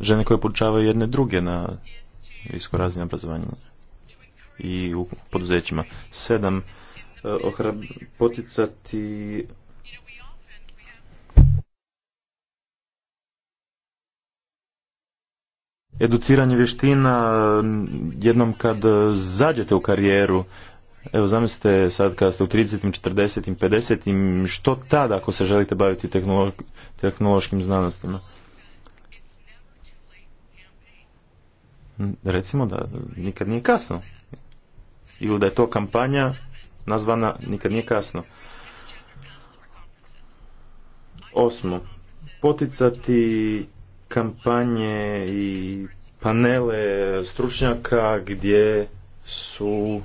žene koje poučavaju jedne druge na visko razine obrazovanje i u poduzećima. Sedam, e, poticati educiranje vještina jednom kad zađete u karijeru Evo zamislite sad kada ste u 30. 40. 50. što tada ako se želite baviti tehnološkim znanostima? recimo da nikad nije kasno. Ili da je to kampanja nazvana nikad nije kasno. Osmo, poticati kampanje i panele stručnjaka gdje su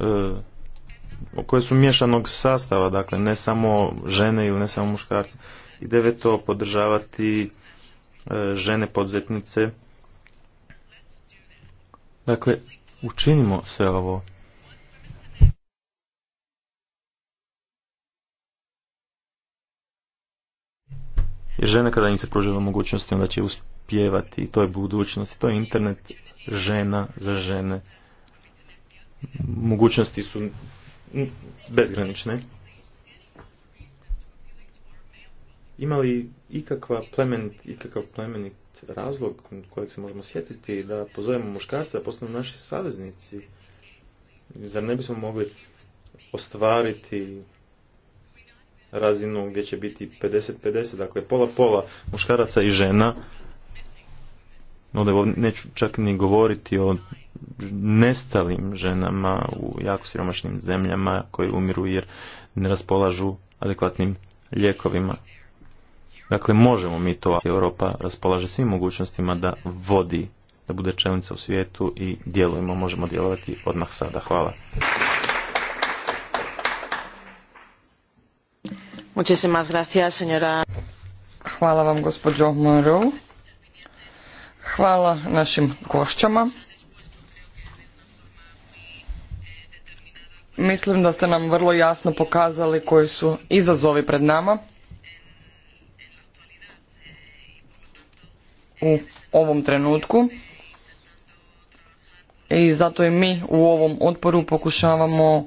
e, koje su miješanog sastava, dakle ne samo žene ili ne samo muškarci. I deveto, podržavati e, žene poduzetnice Dakle, učinimo sve ovo. Jer žene kada im se pružava mogućnosti, onda će uspjevati. I to je budućnost, i to je internet žena za žene. Mogućnosti su bezgranične. Ima li ikakva plemen, ikakav razlog kojeg se možemo sjetiti da pozovemo muškarce da postanu naši saveznici. Zar ne bismo mogli ostvariti razinu gdje će biti 50-50, dakle pola-pola muškaraca i žena. Ovdje neću čak ni govoriti o nestalim ženama u jako siromašnim zemljama koji umiru jer ne raspolažu adekvatnim lijekovima. Dakle, možemo mi to. Europa raspolaže svim mogućnostima da vodi, da bude čelnica u svijetu i djelujemo, možemo djelovati odmah sada. Hvala. Hvala vam, gospođo Monroe. Hvala našim gošćama. Mislim da ste nam vrlo jasno pokazali koji su izazovi pred nama. u ovom trenutku i zato i mi u ovom otporu pokušavamo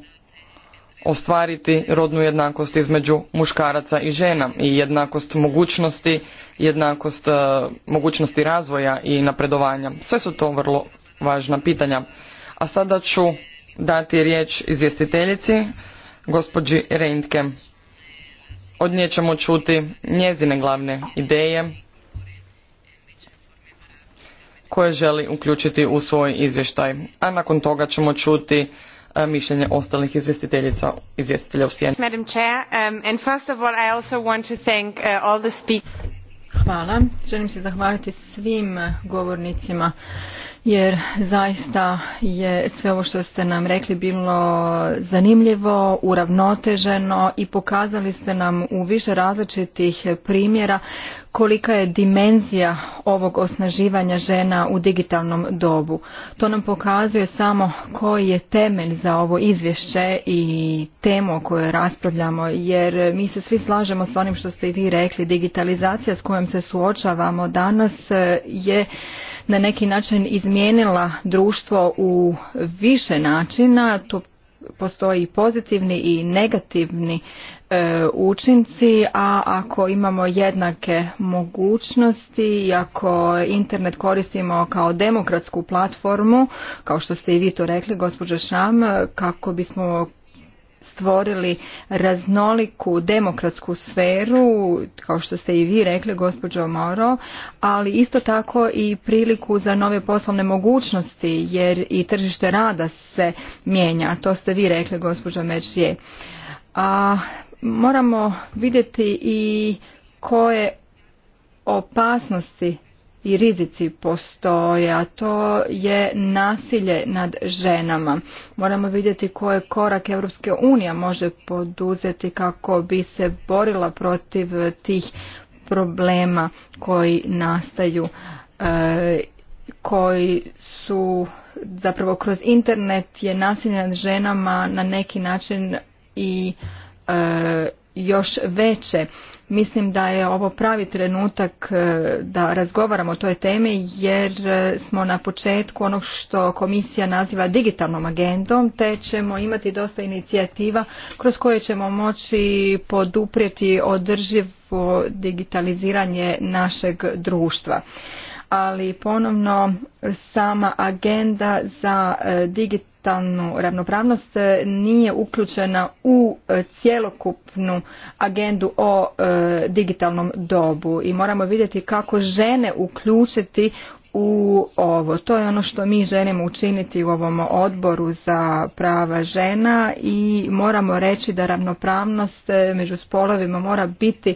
ostvariti rodnu jednakost između muškaraca i žena i jednakost mogućnosti, jednakost e, mogućnosti razvoja i napredovanja. Sve su to vrlo važna pitanja. A sada ću dati riječ izvjestiteljici, gospođi Reintke. Od nje ćemo čuti njezine glavne ideje, koje želi uključiti u svoj izvještaj. A nakon toga ćemo čuti e, mišljenje ostalih izvjestiteljica izvjestitelja u sjeni. Hvala. Želim se zahvaliti svim govornicima jer zaista je sve ovo što ste nam rekli bilo zanimljivo, uravnoteženo i pokazali ste nam u više različitih primjera kolika je dimenzija ovog osnaživanja žena u digitalnom dobu. To nam pokazuje samo koji je temelj za ovo izvješće i temu o kojoj raspravljamo, jer mi se svi slažemo s onim što ste i vi rekli, digitalizacija s kojom se suočavamo danas je na neki način izmijenila društvo u više načina, tu postoji i pozitivni i negativni E, učinci, a ako imamo jednake mogućnosti i ako internet koristimo kao demokratsku platformu, kao što ste i vi to rekli, gospođo Šram, kako bismo stvorili raznoliku demokratsku sferu, kao što ste i vi rekli, gospođo Moro, ali isto tako i priliku za nove poslovne mogućnosti, jer i tržište rada se mijenja. To ste vi rekli, gospođo Međije, A moramo vidjeti i koje opasnosti i rizici postoje, a to je nasilje nad ženama. Moramo vidjeti koje korak Europske unija može poduzeti kako bi se borila protiv tih problema koji nastaju, e, koji su zapravo kroz internet je nasilje nad ženama na neki način i E, još veće. Mislim da je ovo pravi trenutak e, da razgovaramo o toj temi jer e, smo na početku onog što komisija naziva digitalnom agendom te ćemo imati dosta inicijativa kroz koje ćemo moći poduprijeti održivo digitaliziranje našeg društva ali ponovno sama agenda za digitaliziranje digitalnu ravnopravnost e, nije uključena u e, cjelokupnu agendu o e, digitalnom dobu i moramo vidjeti kako žene uključiti u ovo. To je ono što mi želimo učiniti u ovom odboru za prava žena i moramo reći da ravnopravnost među spolovima mora biti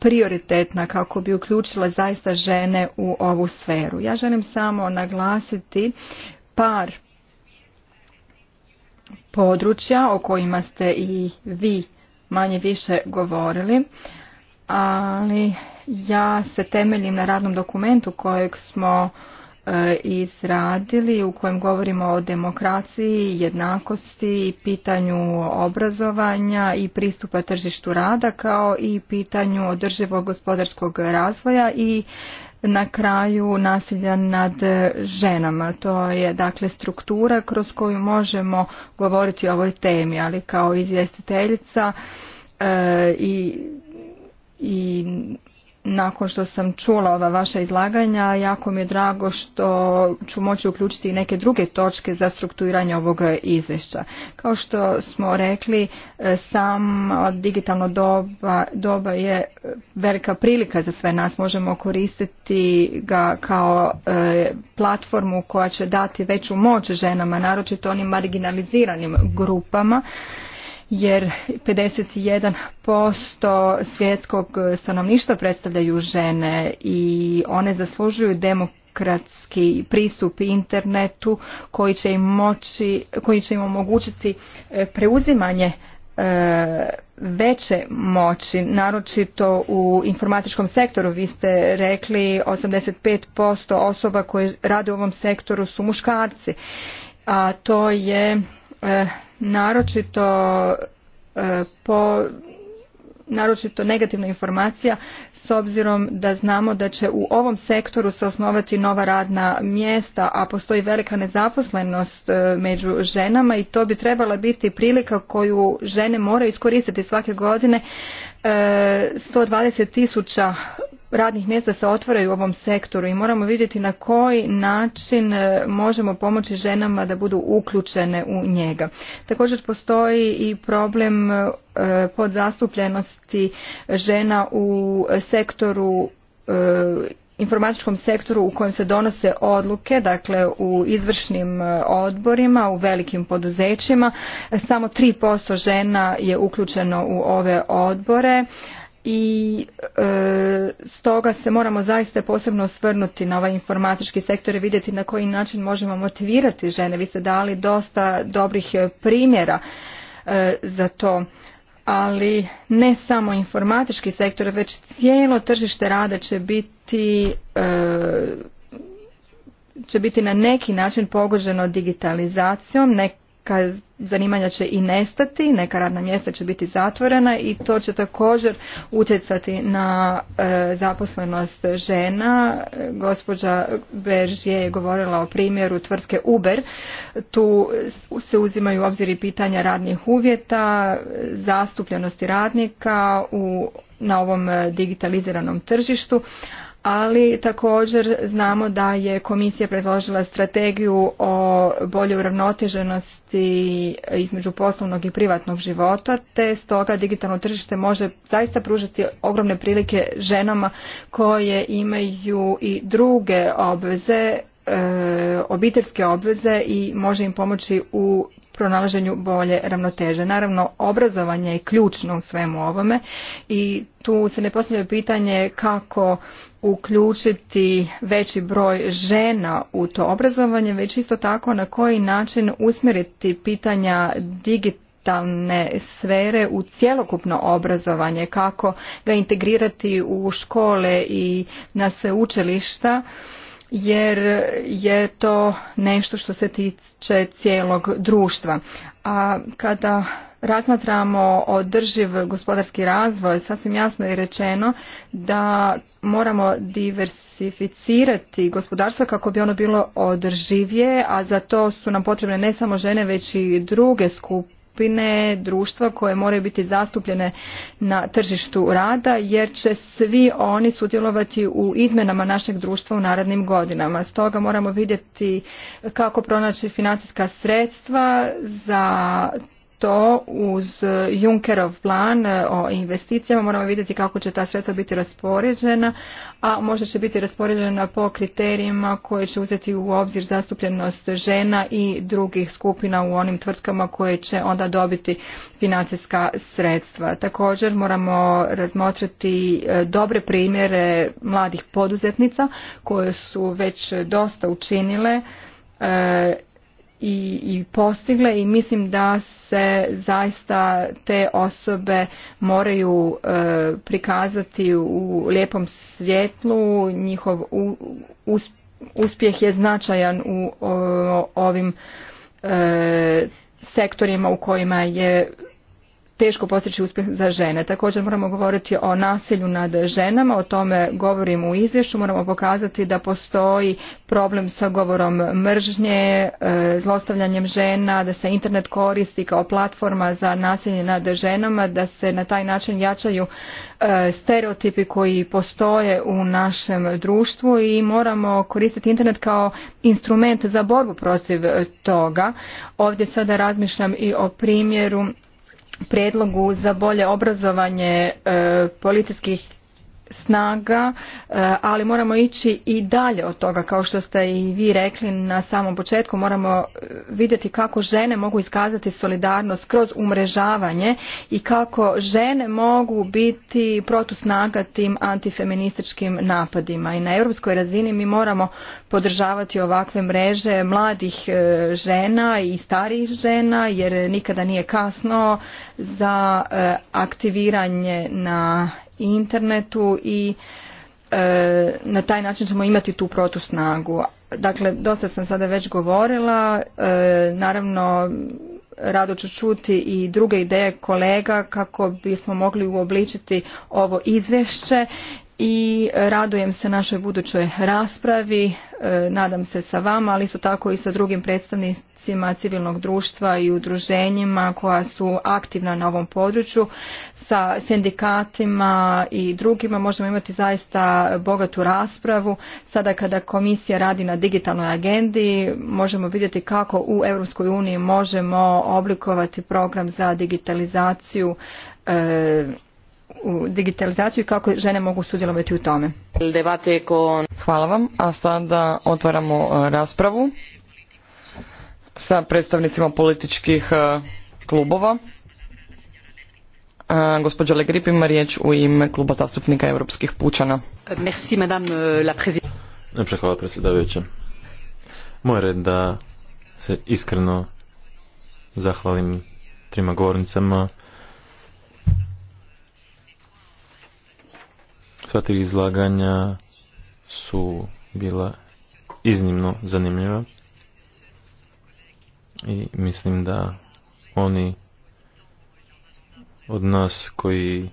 prioritetna kako bi uključila zaista žene u ovu sferu. Ja želim samo naglasiti par područja o kojima ste i vi manje više govorili, ali ja se temeljim na radnom dokumentu kojeg smo e, izradili u kojem govorimo o demokraciji, jednakosti, pitanju obrazovanja i pristupa tržištu rada kao i pitanju održivog gospodarskog razvoja i na kraju nasilja nad ženama. To je dakle struktura kroz koju možemo govoriti o ovoj temi, ali kao izvjestiteljica e, i, i nakon što sam čula ova vaša izlaganja, jako mi je drago što ću moći uključiti i neke druge točke za strukturiranje ovog izvješća. Kao što smo rekli, e, sam digitalno doba, doba je velika prilika za sve nas. Možemo koristiti ga kao e, platformu koja će dati veću moć ženama, naročito onim marginaliziranim grupama jer 51% svjetskog stanovništva predstavljaju žene i one zaslužuju demokratski pristup internetu koji će im, moći, koji će im omogućiti e, preuzimanje e, veće moći, naročito u informatičkom sektoru. Vi ste rekli 85% osoba koje rade u ovom sektoru su muškarci, a to je e, naročito e, po naročito negativna informacija s obzirom da znamo da će u ovom sektoru se osnovati nova radna mjesta, a postoji velika nezaposlenost e, među ženama i to bi trebala biti prilika koju žene moraju iskoristiti svake godine. 120 e, tisuća radnih mjesta se otvaraju u ovom sektoru i moramo vidjeti na koji način e, možemo pomoći ženama da budu uključene u njega. Također postoji i problem e, podzastupljenosti žena u sektoru e, informatičkom sektoru u kojem se donose odluke, dakle u izvršnim odborima, u velikim poduzećima. Samo 3% žena je uključeno u ove odbore i e, stoga se moramo zaista posebno osvrnuti na ovaj informatički sektor i vidjeti na koji način možemo motivirati žene. Vi ste dali dosta dobrih e, primjera e, za to, ali ne samo informatički sektor, već cijelo tržište rada će biti e, će biti na neki način pogođeno digitalizacijom, zanimanja će i nestati, neka radna mjesta će biti zatvorena i to će također utjecati na e, zaposlenost žena. Gospođa Beržije je govorila o primjeru tvrtke Uber. Tu se uzimaju u obzir i pitanja radnih uvjeta, zastupljenosti radnika u, na ovom digitaliziranom tržištu, ali također znamo da je komisija predložila strategiju o boljoj uravnoteženosti između poslovnog i privatnog života, te stoga digitalno tržište može zaista pružiti ogromne prilike ženama koje imaju i druge obveze, e, obiteljske obveze i može im pomoći u pronalaženju bolje ravnoteže. Naravno, obrazovanje je ključno u svemu ovome i tu se ne postavlja pitanje kako uključiti veći broj žena u to obrazovanje, već isto tako na koji način usmjeriti pitanja digitalne sfere u cjelokupno obrazovanje, kako ga integrirati u škole i na sveučilišta, jer je to nešto što se tiče cijelog društva. A kada razmatramo održiv gospodarski razvoj, sasvim jasno je rečeno da moramo diversificirati gospodarstvo kako bi ono bilo održivije, a za to su nam potrebne ne samo žene već i druge skupine društva koje moraju biti zastupljene na tržištu rada jer će svi oni sudjelovati u izmenama našeg društva u narednim godinama. Stoga moramo vidjeti kako pronaći financijska sredstva za to uz Junckerov plan e, o investicijama moramo vidjeti kako će ta sredstva biti raspoređena, a možda će biti raspoređena po kriterijima koje će uzeti u obzir zastupljenost žena i drugih skupina u onim tvrtkama koje će onda dobiti financijska sredstva. Također moramo razmotriti e, dobre primjere mladih poduzetnica koje su već dosta učinile e, i, i postigle i mislim da se zaista te osobe moraju e, prikazati u lijepom svjetlu, njihov uspjeh je značajan u ovim e, sektorima u kojima je teško postići uspjeh za žene. Također moramo govoriti o nasilju nad ženama, o tome govorim u izvješću, moramo pokazati da postoji problem sa govorom mržnje, e, zlostavljanjem žena, da se internet koristi kao platforma za nasilje nad ženama, da se na taj način jačaju e, stereotipi koji postoje u našem društvu i moramo koristiti internet kao instrument za borbu protiv toga. Ovdje sada razmišljam i o primjeru prijedlogu za bolje obrazovanje e, policijskih snaga, e, ali moramo ići i dalje od toga, kao što ste i vi rekli na samom početku, moramo e, vidjeti kako žene mogu iskazati solidarnost kroz umrežavanje i kako žene mogu biti protusnaga tim antifeminističkim napadima. I na europskoj razini mi moramo podržavati ovakve mreže mladih e, žena i starih žena, jer nikada nije kasno za aktiviranje na internetu i e, na taj način ćemo imati tu protusnagu. Dakle, dosta sam sada već govorila, e, naravno rado ću čuti i druge ideje kolega kako bismo mogli uobličiti ovo izvješće i radujem se našoj budućoj raspravi, e, nadam se sa vama, ali isto tako i sa drugim predstavnicima civilnog društva i udruženjima koja su aktivna na ovom području, sa sindikatima i drugima možemo imati zaista bogatu raspravu. Sada kada komisija radi na digitalnoj agendi, možemo vidjeti kako u Europskoj uniji možemo oblikovati program za digitalizaciju e, u digitalizaciju i kako žene mogu sudjelovati u tome. Hvala vam, a sada otvaramo e, raspravu sa predstavnicima političkih e, klubova. E, gospođa Legrip ima riječ u ime kluba zastupnika europskih pučana. Merci, madame la Najprej hvala predsjedavajuća. Moje red da se iskreno zahvalim trima govornicama Sva izlaganja su bila iznimno zanimljiva i mislim da oni od nas koji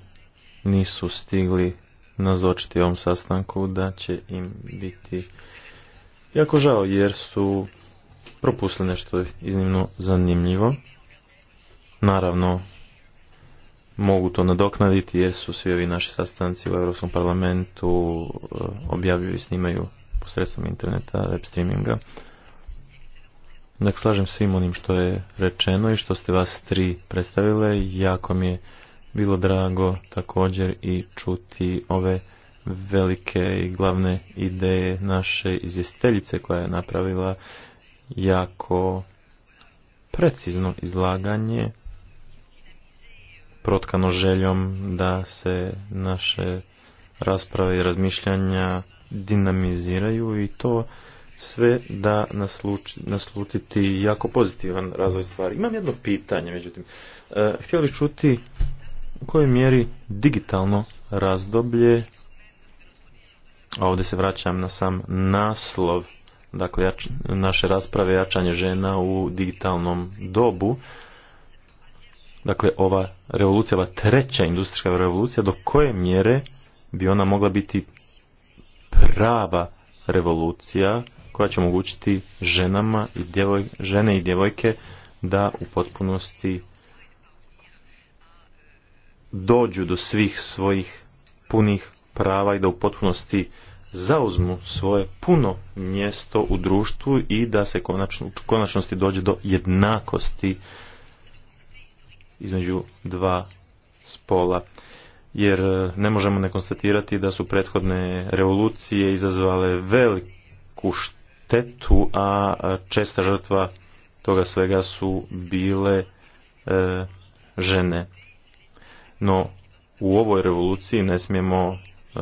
nisu stigli nazočiti ovom sastanku da će im biti jako žao jer su propustili nešto iznimno zanimljivo. Naravno, mogu to nadoknaditi jer su svi ovi naši sastanci u Europskom parlamentu eh, objavljuju i snimaju posredstvom interneta, web streaminga. Dakle, slažem svim onim što je rečeno i što ste vas tri predstavile. Jako mi je bilo drago također i čuti ove velike i glavne ideje naše izvjestiteljice koja je napravila jako precizno izlaganje protkano željom da se naše rasprave i razmišljanja dinamiziraju i to sve da naslutiti jako pozitivan razvoj stvari. Imam jedno pitanje, međutim. E, htio čuti u kojoj mjeri digitalno razdoblje, a ovdje se vraćam na sam naslov, dakle naše rasprave jačanje žena u digitalnom dobu, dakle ova revolucija, ova treća industrijska revolucija, do koje mjere bi ona mogla biti prava revolucija koja će omogućiti ženama i djevoj, žene i djevojke da u potpunosti dođu do svih svojih punih prava i da u potpunosti zauzmu svoje puno mjesto u društvu i da se konačno, u konačnosti dođe do jednakosti između dva spola. Jer e, ne možemo ne konstatirati da su prethodne revolucije izazvale veliku štetu, a česta žrtva toga svega su bile e, žene. No u ovoj revoluciji ne smijemo e,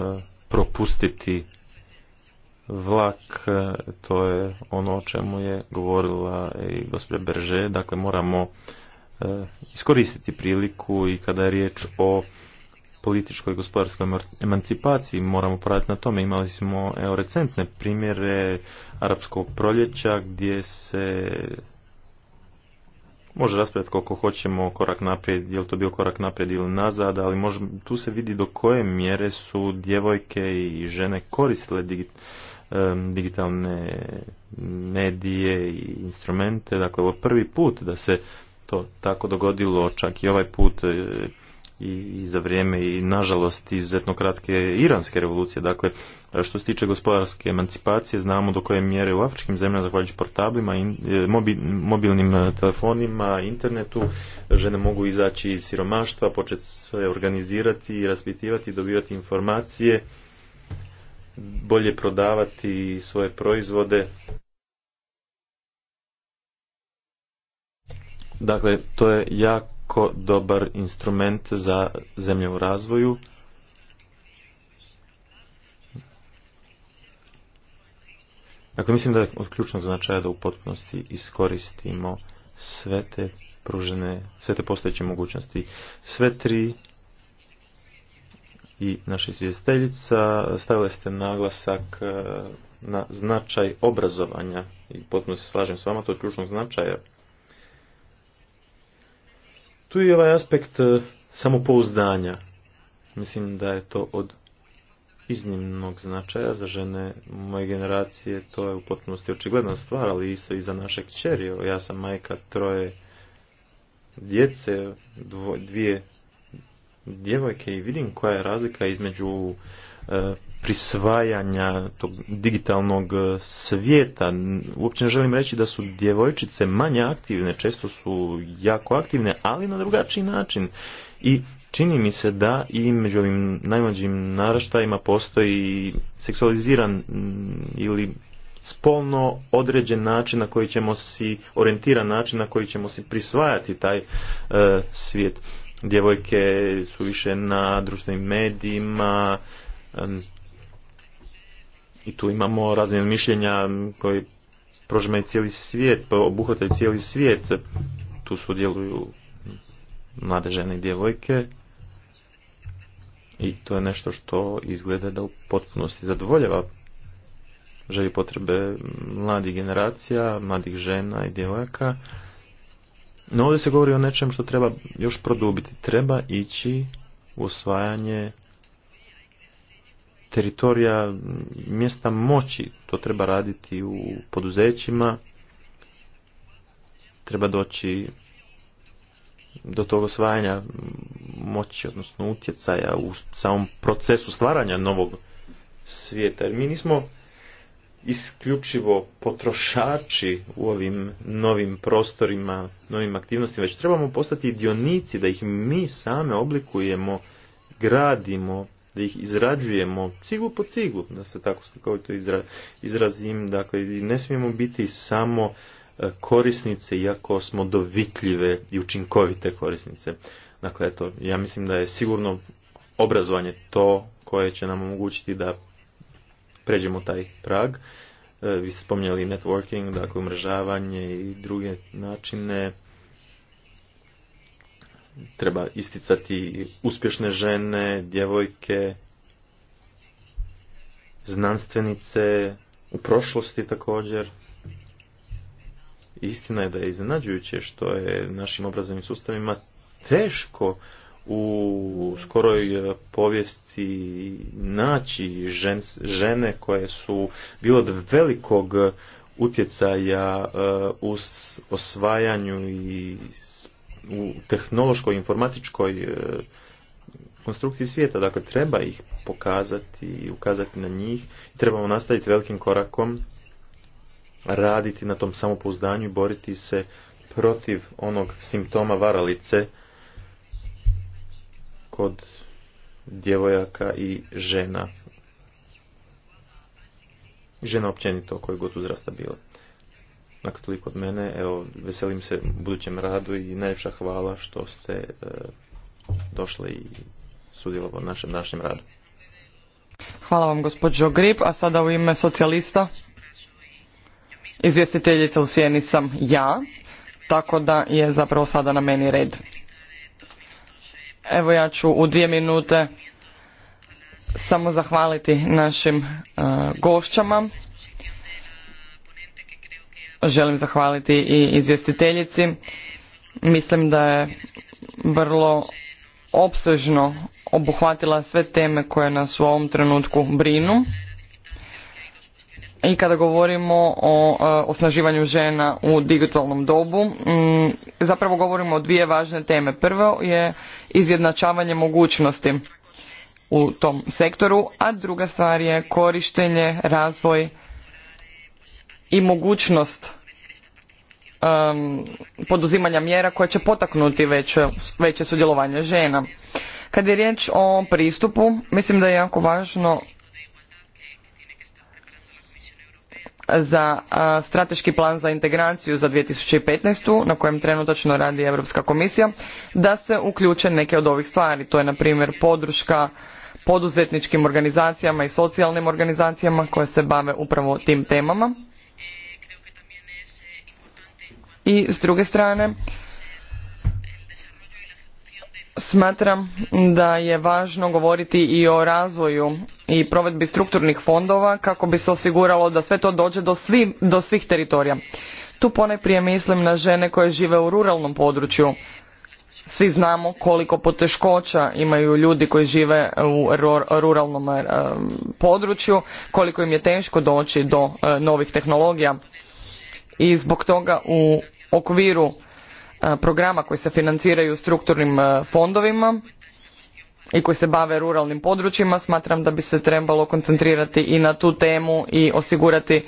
propustiti vlak, to je ono o čemu je govorila i gospođa Berže, dakle moramo Eh, iskoristiti priliku i kada je riječ o političkoj i gospodarskoj emancipaciji moramo poraditi na tome. Imali smo evo, recentne primjere arapskog proljeća gdje se može raspravljati koliko hoćemo korak naprijed, je to bio korak naprijed ili nazad, ali tu se vidi do koje mjere su djevojke i žene koristile digitalne medije i instrumente. Dakle, ovo je prvi put da se to tako dogodilo čak i ovaj put e, i za vrijeme i nažalost izuzetno kratke iranske revolucije. Dakle, što se tiče gospodarske emancipacije, znamo do koje mjere u afričkim zemljama, zahvaljujući portablima, e, mobilnim e, telefonima, internetu, žene mogu izaći iz siromaštva, početi se organizirati, raspitivati, dobivati informacije, bolje prodavati svoje proizvode. Dakle, to je jako dobar instrument za zemlje u razvoju. Dakle, mislim da je od ključnog značaja da u potpunosti iskoristimo sve te pružene, sve te postojeće mogućnosti. Sve tri i naša izvjestiteljica stavili ste naglasak eh, na značaj obrazovanja i potpuno se slažem s vama, to je ključnog značaja tu je ovaj aspekt e, samopouzdanja. Mislim da je to od iznimnog značaja za žene moje generacije. To je u potpunosti očigledna stvar, ali isto i za naše kćeri. Ja sam majka troje djece, dvije djevojke i vidim koja je razlika između e, prisvajanja tog digitalnog e, svijeta. Uopće ne želim reći da su djevojčice manje aktivne, često su jako aktivne, ali na drugačiji način. I čini mi se da i među ovim najmlađim naraštajima postoji seksualiziran ili spolno određen način na koji ćemo si, orijentiran način na koji ćemo si prisvajati taj e, svijet. Djevojke su više na društvenim medijima, i tu imamo razne mišljenja koji prožmaju cijeli svijet, pa obuhvataju cijeli svijet. Tu sudjeluju mlade žene i djevojke i to je nešto što izgleda da u potpunosti zadovoljava želje potrebe mladih generacija, mladih žena i djevojaka. No ovdje se govori o nečem što treba još produbiti. Treba ići u osvajanje teritorija mjesta moći. To treba raditi u poduzećima, treba doći do tog osvajanja moći, odnosno utjecaja u samom procesu stvaranja novog svijeta. Jer mi nismo isključivo potrošači u ovim novim prostorima, novim aktivnostima, već trebamo postati dionici da ih mi same oblikujemo, gradimo, da ih izrađujemo cigu po cigu, da se tako slikovito izrazim, dakle ne smijemo biti samo e, korisnice, iako smo dovitljive i učinkovite korisnice. Dakle, eto, ja mislim da je sigurno obrazovanje to koje će nam omogućiti da pređemo taj prag. E, vi ste spominjali networking, dakle umrežavanje i druge načine treba isticati uspješne žene, djevojke, znanstvenice, u prošlosti također. Istina je da je iznenađujuće što je našim obrazovnim sustavima teško u skoroj povijesti naći žene koje su bilo od velikog utjecaja e, u osvajanju i u tehnološkoj, informatičkoj e, konstrukciji svijeta. Dakle, treba ih pokazati i ukazati na njih. Trebamo nastaviti velikim korakom, raditi na tom samopouzdanju i boriti se protiv onog simptoma varalice kod djevojaka i žena. Žena općenito koje god uzrasta bila. Dakle, toliko od mene. Evo, veselim se budućem radu i najljepša hvala što ste e, došli i sudjelovali u našem današnjem radu. Hvala vam, gospođo Grip. A sada u ime socijalista, izvjestiteljica u sjeni sam ja, tako da je zapravo sada na meni red. Evo ja ću u dvije minute samo zahvaliti našim uh, gošćama Želim zahvaliti i izvjestiteljici. Mislim da je vrlo opsežno obuhvatila sve teme koje nas u ovom trenutku brinu. I kada govorimo o e, osnaživanju žena u digitalnom dobu, zapravo govorimo o dvije važne teme. Prvo je izjednačavanje mogućnosti u tom sektoru, a druga stvar je korištenje, razvoj i mogućnost poduzimanja mjera koje će potaknuti veće, sudjelovanje žena. Kad je riječ o pristupu, mislim da je jako važno za strateški plan za integraciju za 2015. na kojem trenutačno radi Europska komisija, da se uključe neke od ovih stvari. To je, na primjer, podrška poduzetničkim organizacijama i socijalnim organizacijama koje se bave upravo tim temama i s druge strane smatram da je važno govoriti i o razvoju i provedbi strukturnih fondova kako bi se osiguralo da sve to dođe do, do svih teritorija. Tu ponajprije mislim na žene koje žive u ruralnom području. Svi znamo koliko poteškoća imaju ljudi koji žive u ruralnom e, području, koliko im je teško doći do e, novih tehnologija. I zbog toga u okviru e, programa koji se financiraju strukturnim e, fondovima i koji se bave ruralnim područjima smatram da bi se trebalo koncentrirati i na tu temu i osigurati e,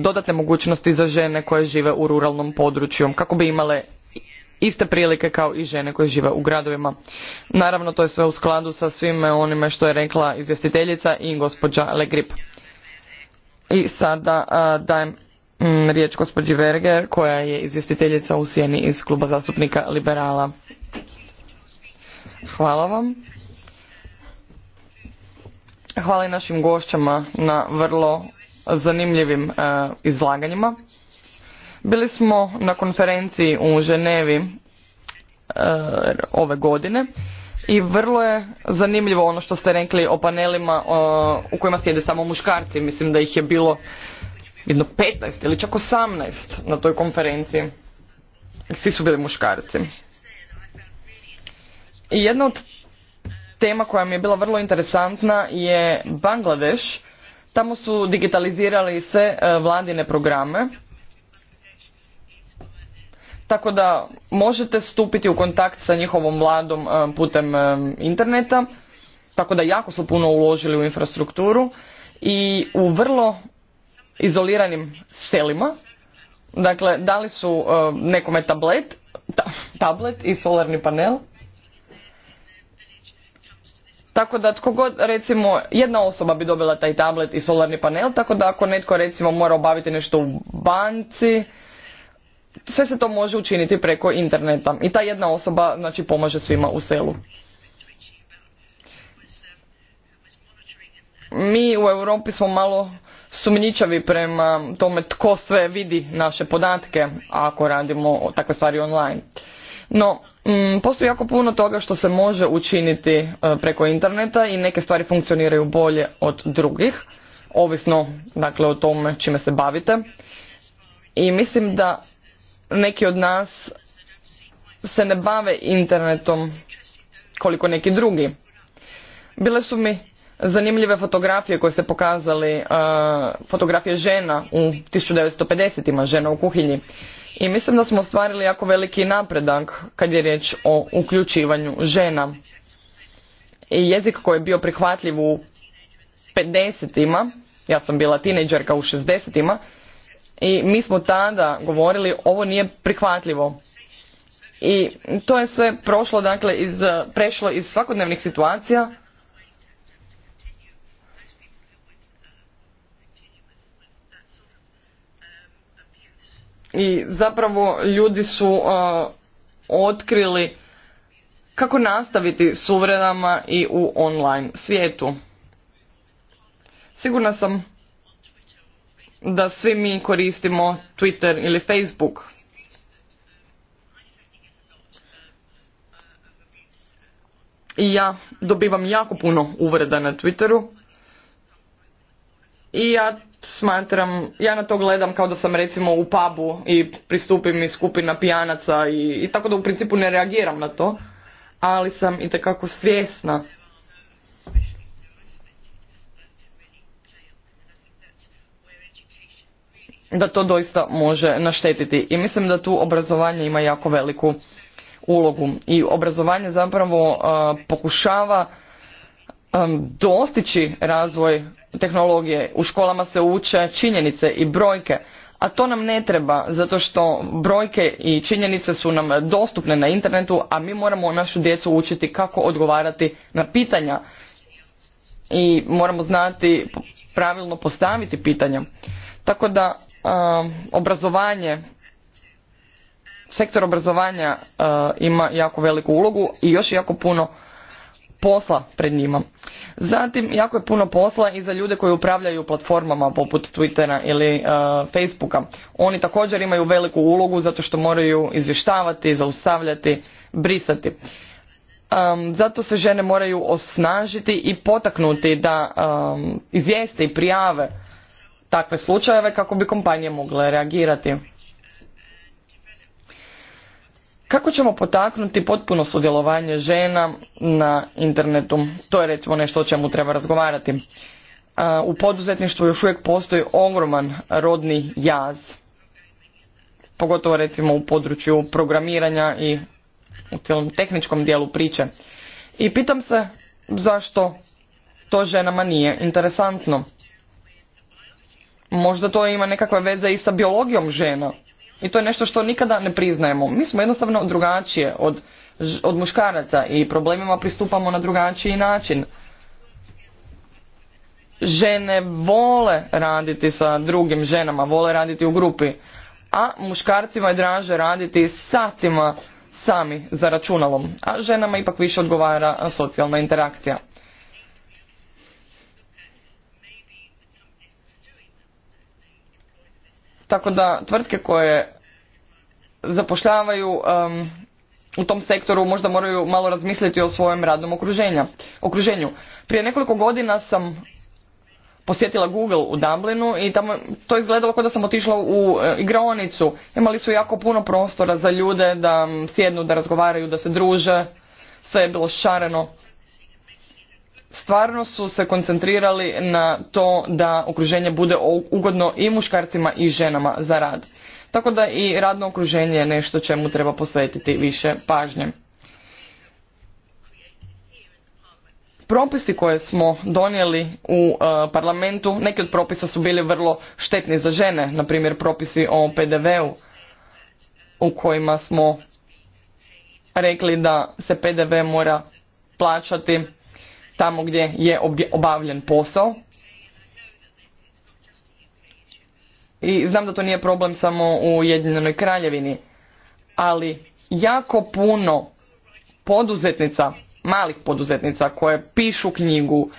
dodatne mogućnosti za žene koje žive u ruralnom području kako bi imale iste prilike kao i žene koje žive u gradovima. Naravno to je sve u skladu sa svime onime što je rekla izvjestiteljica i gospođa Legrip. I sada dajem Mm, riječ gospođi Verger koja je izvjestiteljica u sjeni iz kluba zastupnika Liberala. Hvala vam. Hvala i našim gošćama na vrlo zanimljivim e, izlaganjima. Bili smo na konferenciji u Ženevi e, ove godine i vrlo je zanimljivo ono što ste rekli o panelima e, u kojima sjede samo muškarci. Mislim da ih je bilo jedno 15 ili čak 18 na toj konferenciji. Svi su bili muškarci. I jedna od tema koja mi je bila vrlo interesantna je Bangladeš. Tamo su digitalizirali sve e, vladine programe. Tako da možete stupiti u kontakt sa njihovom vladom e, putem e, interneta. Tako da jako su puno uložili u infrastrukturu i u vrlo izoliranim selima, dakle dali su e, nekome tablet, ta, tablet i solarni panel. Tako da tko god, recimo, jedna osoba bi dobila taj tablet i solarni panel, tako da ako netko, recimo, mora obaviti nešto u banci, sve se to može učiniti preko interneta. I ta jedna osoba, znači, pomaže svima u selu. Mi u Europi smo malo sumnjičavi prema tome tko sve vidi naše podatke ako radimo takve stvari online. No, mm, postoji jako puno toga što se može učiniti e, preko interneta i neke stvari funkcioniraju bolje od drugih, ovisno dakle o tome čime se bavite. I mislim da neki od nas se ne bave internetom koliko neki drugi. Bile su mi zanimljive fotografije koje ste pokazali, uh, fotografije žena u 1950-ima, žena u kuhinji. I mislim da smo ostvarili jako veliki napredak kad je riječ o uključivanju žena. I jezik koji je bio prihvatljiv u 50-ima, ja sam bila tinejdžerka u 60-ima, i mi smo tada govorili ovo nije prihvatljivo. I to je sve prošlo, dakle, iz, prešlo iz svakodnevnih situacija i zapravo ljudi su uh, otkrili kako nastaviti s uvredama i u online svijetu. Sigurna sam da svi mi koristimo Twitter ili Facebook. I ja dobivam jako puno uvreda na Twitteru i ja smatram, ja na to gledam kao da sam recimo u pubu i pristupim i skupina pijanaca i, tako da u principu ne reagiram na to, ali sam i tekako svjesna da to doista može naštetiti. I mislim da tu obrazovanje ima jako veliku ulogu. I obrazovanje zapravo pokušava dostići razvoj tehnologije, u školama se uče činjenice i brojke, a to nam ne treba zato što brojke i činjenice su nam dostupne na internetu, a mi moramo našu djecu učiti kako odgovarati na pitanja i moramo znati pravilno postaviti pitanja. Tako da obrazovanje sektor obrazovanja ima jako veliku ulogu i još jako puno posla pred njima. Zatim, jako je puno posla i za ljude koji upravljaju platformama poput Twittera ili e, Facebooka. Oni također imaju veliku ulogu zato što moraju izvještavati, zaustavljati, brisati. zato se žene moraju osnažiti i potaknuti da um, izvijeste i prijave takve slučajeve kako bi kompanije mogle reagirati. Kako ćemo potaknuti potpuno sudjelovanje žena na internetu? To je recimo nešto o čemu treba razgovarati. U poduzetništvu još uvijek postoji ogroman rodni jaz, pogotovo recimo u području programiranja i u cijelom tehničkom dijelu priče. I pitam se zašto to ženama nije interesantno. Možda to ima nekakve veze i sa biologijom žena i to je nešto što nikada ne priznajemo. Mi smo jednostavno drugačije od, od muškaraca i problemima pristupamo na drugačiji način. Žene vole raditi sa drugim ženama, vole raditi u grupi, a muškarcima je draže raditi satima sami za računalom, a ženama ipak više odgovara socijalna interakcija. Tako da tvrtke koje zapošljavaju um, u tom sektoru možda moraju malo razmisliti o svojem radnom okruženju. Prije nekoliko godina sam posjetila Google u Dublinu i tamo to izgledalo kao da sam otišla u e, igraonicu. Imali su jako puno prostora za ljude da sjednu, da razgovaraju, da se druže. Sve je bilo šareno stvarno su se koncentrirali na to da okruženje bude ugodno i muškarcima i ženama za rad. Tako da i radno okruženje je nešto čemu treba posvetiti više pažnje. Propisi koje smo donijeli u e, parlamentu, neki od propisa su bili vrlo štetni za žene, na primjer propisi o PDV-u u kojima smo rekli da se PDV mora plaćati tamo gdje je obavljen posao. I znam da to nije problem samo u Ujedinjenoj kraljevini, ali jako puno poduzetnica, malih poduzetnica koje pišu knjigu,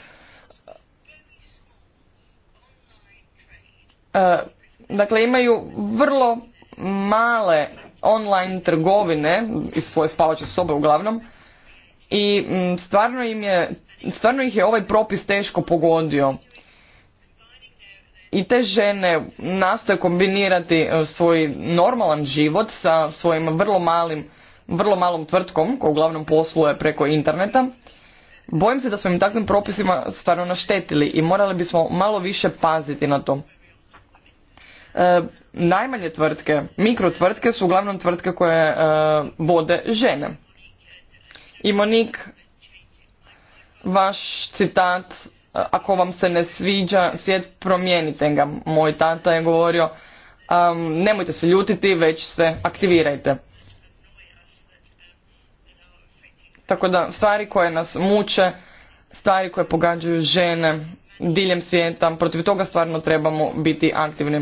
e, dakle imaju vrlo male online trgovine iz svoje spavače sobe uglavnom i mm, stvarno im je stvarno ih je ovaj propis teško pogodio. I te žene nastoje kombinirati e, svoj normalan život sa svojim vrlo malim, vrlo malom tvrtkom koja uglavnom posluje preko interneta. Bojim se da smo im takvim propisima stvarno naštetili i morali bismo malo više paziti na to. E, najmanje tvrtke, tvrtke, su uglavnom tvrtke koje e, vode žene. I Monique vaš citat ako vam se ne sviđa svijet promijenite ga moj tata je govorio nemojte se ljutiti već se aktivirajte tako da stvari koje nas muče stvari koje pogađaju žene diljem svijeta protiv toga stvarno trebamo biti aktivni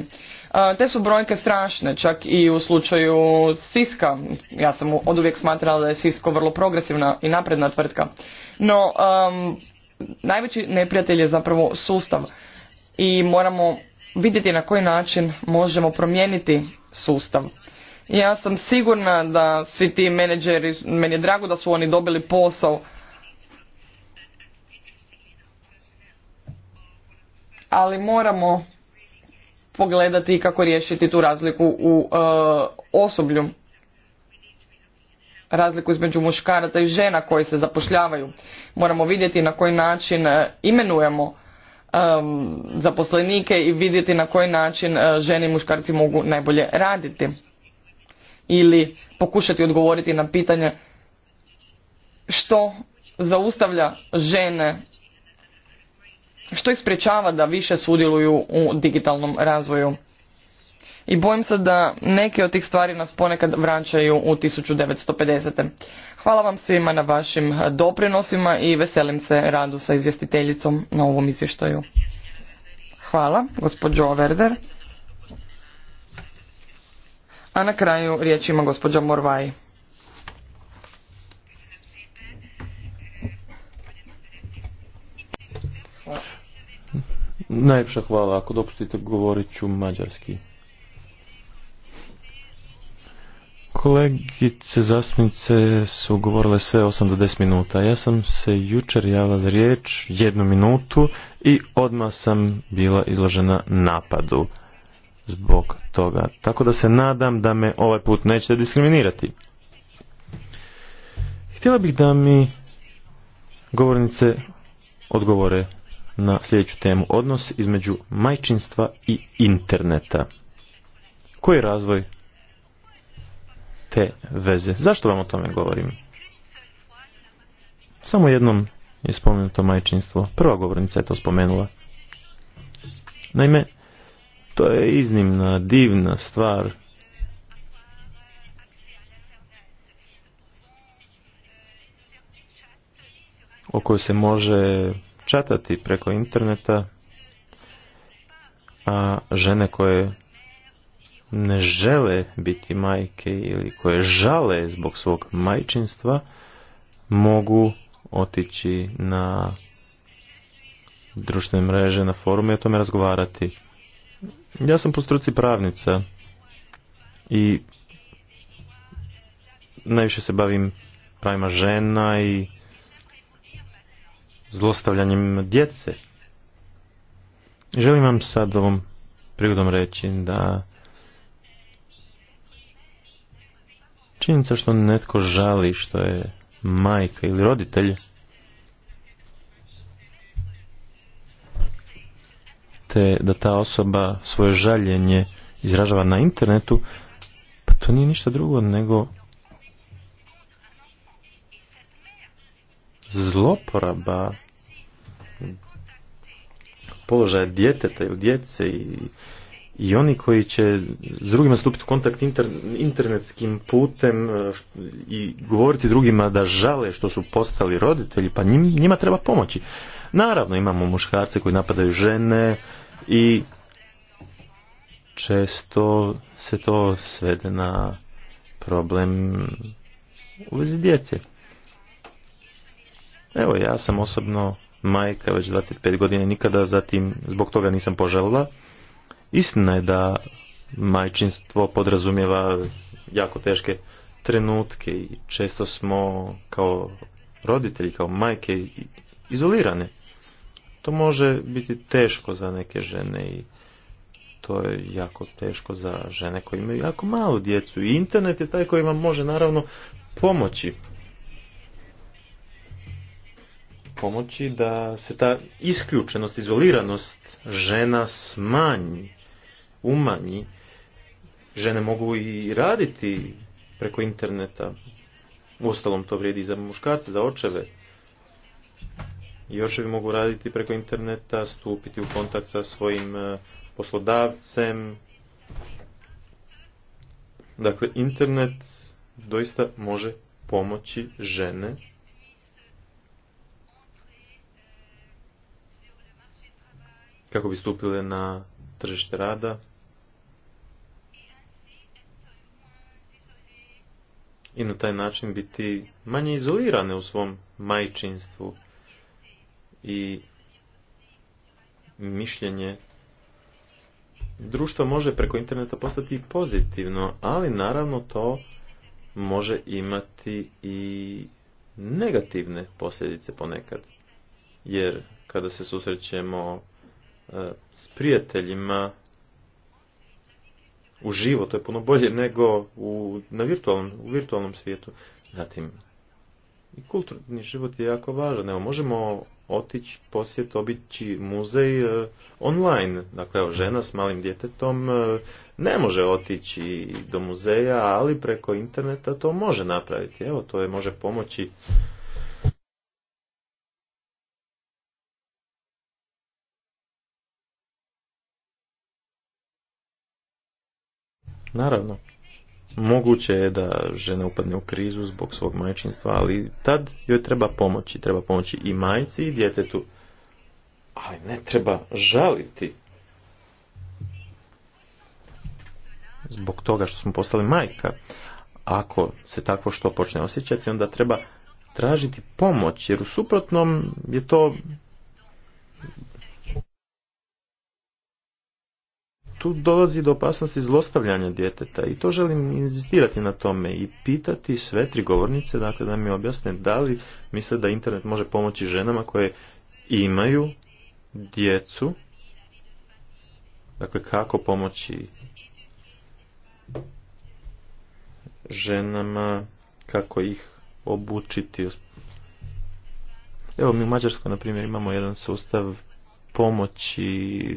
te su brojke strašne, čak i u slučaju Siska. Ja sam od uvijek smatrala da je Sisko vrlo progresivna i napredna tvrtka. No, najveći neprijatelj je zapravo sustav i moramo vidjeti na koji način možemo promijeniti sustav. Ja sam sigurna da svi ti menadžeri, meni je drago da su oni dobili posao, ali moramo pogledati kako riješiti tu razliku u e, osoblju razliku između muškaraca i žena koji se zapošljavaju moramo vidjeti na koji način e, imenujemo e, zaposlenike i vidjeti na koji način žene i muškarci mogu najbolje raditi ili pokušati odgovoriti na pitanje što zaustavlja žene što ih sprječava da više sudjeluju u digitalnom razvoju. I bojim se da neke od tih stvari nas ponekad vraćaju u 1950. Hvala vam svima na vašim doprinosima i veselim se radu sa izvjestiteljicom na ovom izvještaju. Hvala, gospođo overder A na kraju riječ ima gospođa Morvaj. Najljepša hvala. Ako dopustite, govorit ću mađarski. Kolegice zastupnice su govorile sve 8 do 10 minuta. Ja sam se jučer javila za riječ, jednu minutu i odmah sam bila izložena napadu zbog toga. Tako da se nadam da me ovaj put nećete diskriminirati. Htjela bih da mi govornice odgovore na sljedeću temu. Odnos između majčinstva i interneta. Koji je razvoj te veze? Zašto vam o tome govorim? Samo jednom je spomenuto majčinstvo. Prva govornica je to spomenula. Naime, to je iznimna, divna stvar o kojoj se može čatati preko interneta, a žene koje ne žele biti majke ili koje žale zbog svog majčinstva mogu otići na društvene mreže, na forume i o tome razgovarati. Ja sam po struci pravnica i najviše se bavim pravima žena i zlostavljanjem djece. Želim vam sad ovom prigodom reći da činjenica što netko žali što je majka ili roditelj te da ta osoba svoje žaljenje izražava na internetu pa to nije ništa drugo nego zloporaba položaj djeteta ili djece i, i oni koji će s drugima stupiti u kontakt internetskim putem e, i govoriti drugima da žale što su postali roditelji, pa njima treba pomoći. Naravno imamo muškarce koji napadaju žene i često se to svede na problem u vezi djece. Evo ja sam osobno majka već 25 godina nikada zatim zbog toga nisam poželila. Istina je da majčinstvo podrazumijeva jako teške trenutke i često smo kao roditelji, kao majke izolirane. To može biti teško za neke žene i to je jako teško za žene koje imaju jako malu djecu. I internet je taj koji vam može naravno pomoći pomoći da se ta isključenost, izoliranost žena smanji, umanji. Žene mogu i raditi preko interneta. Uostalom to vrijedi za muškarce, za očeve. I očevi mogu raditi preko interneta, stupiti u kontakt sa svojim e, poslodavcem. Dakle, internet doista može pomoći žene kako bi stupile na tržište rada. I na taj način biti manje izolirane u svom majčinstvu i mišljenje društvo može preko interneta postati pozitivno, ali naravno to može imati i negativne posljedice ponekad. Jer kada se susrećemo E, s prijateljima u živo, to je puno bolje nego u, na virtualnom, virtualnom svijetu. Zatim, i kulturni život je jako važan. Evo, možemo otići, posjet, obići muzej e, online. Dakle, evo, žena s malim djetetom e, ne može otići do muzeja, ali preko interneta to može napraviti. Evo, to je može pomoći Naravno, moguće je da žena upadne u krizu zbog svog majčinstva, ali tad joj treba pomoći. Treba pomoći i majci i djetetu. Ali ne treba žaliti. Zbog toga što smo postali majka. Ako se takvo što počne osjećati, onda treba tražiti pomoć, jer u suprotnom je to tu dolazi do opasnosti zlostavljanja djeteta i to želim inzistirati na tome i pitati sve tri govornice, dakle da mi objasne da li misle da internet može pomoći ženama koje imaju djecu, dakle kako pomoći ženama, kako ih obučiti. Evo mi u Mađarskoj, na primjer, imamo jedan sustav pomoći,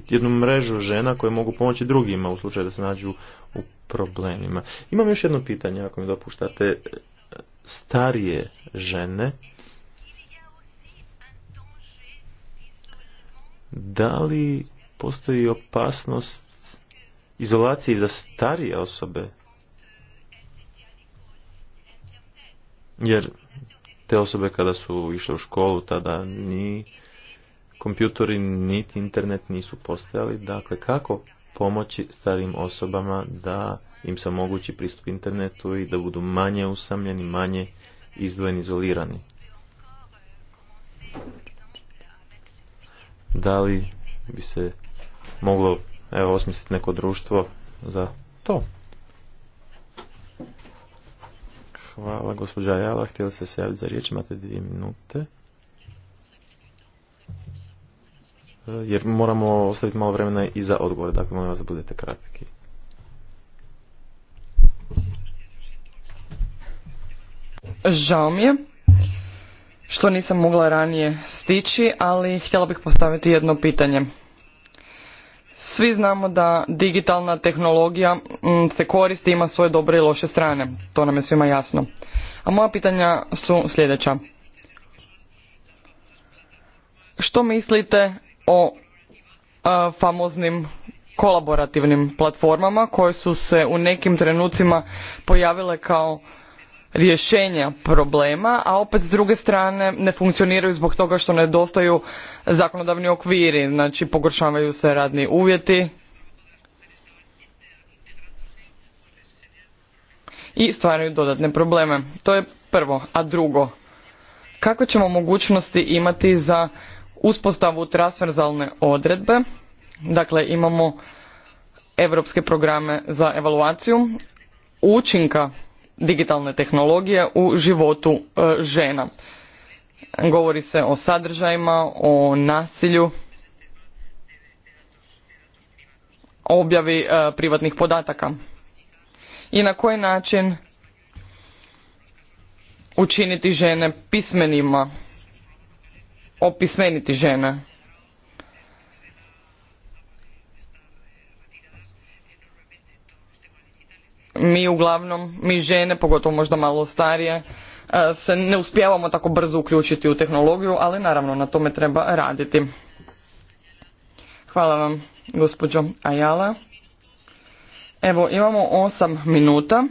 jednu mrežu žena koje mogu pomoći drugima u slučaju da se nađu u problemima. Imam još jedno pitanje, ako mi dopuštate, starije žene, da li postoji opasnost izolacije za starije osobe? Jer te osobe kada su išle u školu tada ni kompjutori niti internet nisu postojali. Dakle, kako pomoći starim osobama da im se omogući pristup internetu i da budu manje usamljeni, manje izdvojeni, izolirani. Da li bi se moglo evo, osmisliti neko društvo za to? Hvala, gospođa Jala. Htjeli ste se javiti za riječ, imate dvije minute. jer moramo ostaviti malo vremena i za odgovore. dakle molim vas da budete kratki. Žao mi je što nisam mogla ranije stići, ali htjela bih postaviti jedno pitanje. Svi znamo da digitalna tehnologija mm, se koristi, ima svoje dobre i loše strane. To nam je svima jasno. A moja pitanja su sljedeća. Što mislite o e, famoznim kolaborativnim platformama koje su se u nekim trenucima pojavile kao rješenja problema a opet s druge strane ne funkcioniraju zbog toga što nedostaju zakonodavni okviri znači pogoršavaju se radni uvjeti i stvaraju dodatne probleme to je prvo a drugo kakve ćemo mogućnosti imati za uspostavu transverzalne odredbe, dakle imamo europske programe za evaluaciju učinka digitalne tehnologije u životu e, žena. Govori se o sadržajima, o nasilju, objavi e, privatnih podataka i na koji način učiniti žene pismenima opismeniti žena. Mi uglavnom, mi žene, pogotovo možda malo starije, e, se ne uspijevamo tako brzo uključiti u tehnologiju, ali naravno na tome treba raditi. Hvala vam, gospođo Ajala. Evo, imamo osam minuta.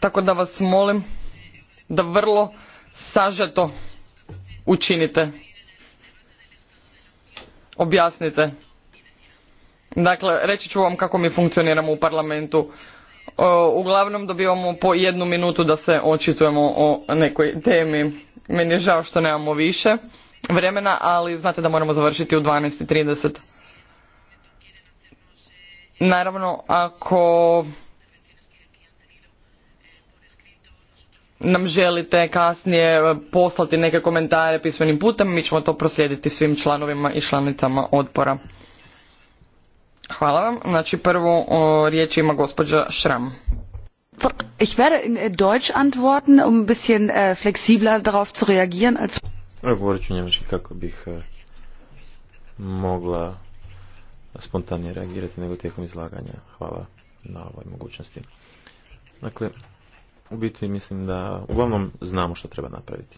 Tako da vas molim da vrlo sažeto učinite. Objasnite. Dakle, reći ću vam kako mi funkcioniramo u parlamentu. Uglavnom dobivamo po jednu minutu da se očitujemo o nekoj temi. Meni je žao što nemamo više vremena, ali znate da moramo završiti u 12.30. Naravno, ako nam želite kasnije poslati neke komentare pismenim putem, mi ćemo to proslijediti svim članovima i članicama odbora. Hvala vam. Znači prvo o, riječ ima gospođa Šram. Ich werde in Deutsch antworten, um ein bisschen äh, flexibler darauf zu reagieren als... Govorit ću njemački kako bih äh, mogla spontanije reagirati nego tijekom izlaganja. Hvala na ovoj mogućnosti. Dakle, u biti mislim da uglavnom znamo što treba napraviti.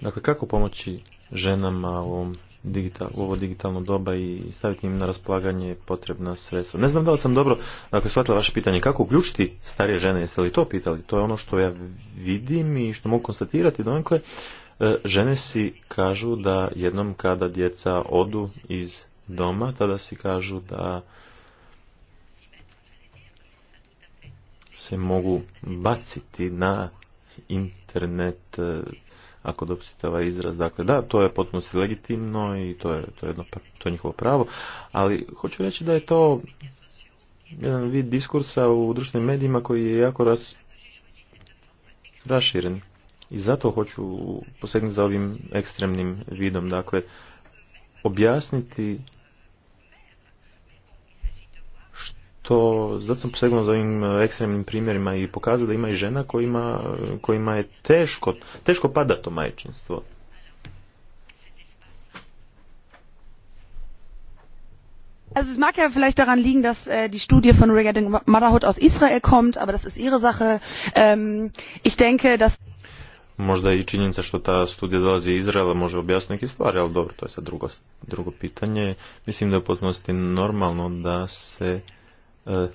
Dakle, kako pomoći ženama u ovom digital, ovo digitalno doba i staviti im na raspolaganje potrebna sredstva. Ne znam da li sam dobro dakle, shvatila vaše pitanje. Kako uključiti starije žene? Jeste li to pitali? To je ono što ja vidim i što mogu konstatirati. Donkle, e, žene si kažu da jednom kada djeca odu iz doma, tada si kažu da se mogu baciti na internet, e, ako dopustite ovaj izraz. Dakle, da, to je potpuno legitimno i to je, to, je jedno, pa, to je njihovo pravo, ali hoću reći da je to jedan vid diskursa u društvenim medijima koji je jako raz, raširen. I zato hoću posegnuti za ovim ekstremnim vidom, dakle, objasniti to, zato sam posegnuo za ovim e, ekstremnim primjerima i pokazao da ima i žena kojima, kojima je teško, teško pada to majčinstvo. Also es mag ja vielleicht daran liegen, dass äh, die Studie von Regarding Motherhood aus Israel kommt, aber das ist ihre Sache. Ähm, ich denke, dass... Možda i činjenica što ta studija dolazi iz Izraela može objasniti neke stvari, ali dobro, to je sad drugo, drugo pitanje. Mislim da je u potpunosti normalno da se E,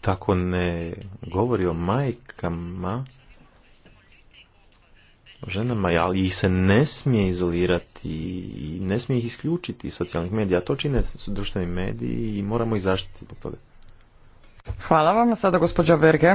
tako ne govori o majkama, o ženama, ali ih se ne smije izolirati i ne smije ih isključiti iz socijalnih medija. To čine društveni mediji i moramo ih zaštititi Hvala vam. Sada gospođa Berge.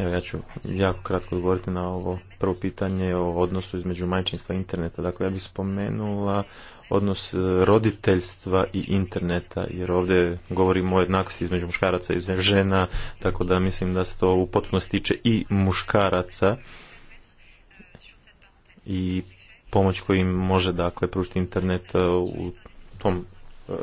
Evo ja ću jako kratko odgovoriti na ovo prvo pitanje o odnosu između majčinstva i interneta. Dakle, ja bih spomenula odnos e, roditeljstva i interneta, jer ovdje govorimo o jednakosti između muškaraca i žena, tako da mislim da se to u potpunosti tiče i muškaraca i pomoć koji im može dakle, pružiti internet e, u tom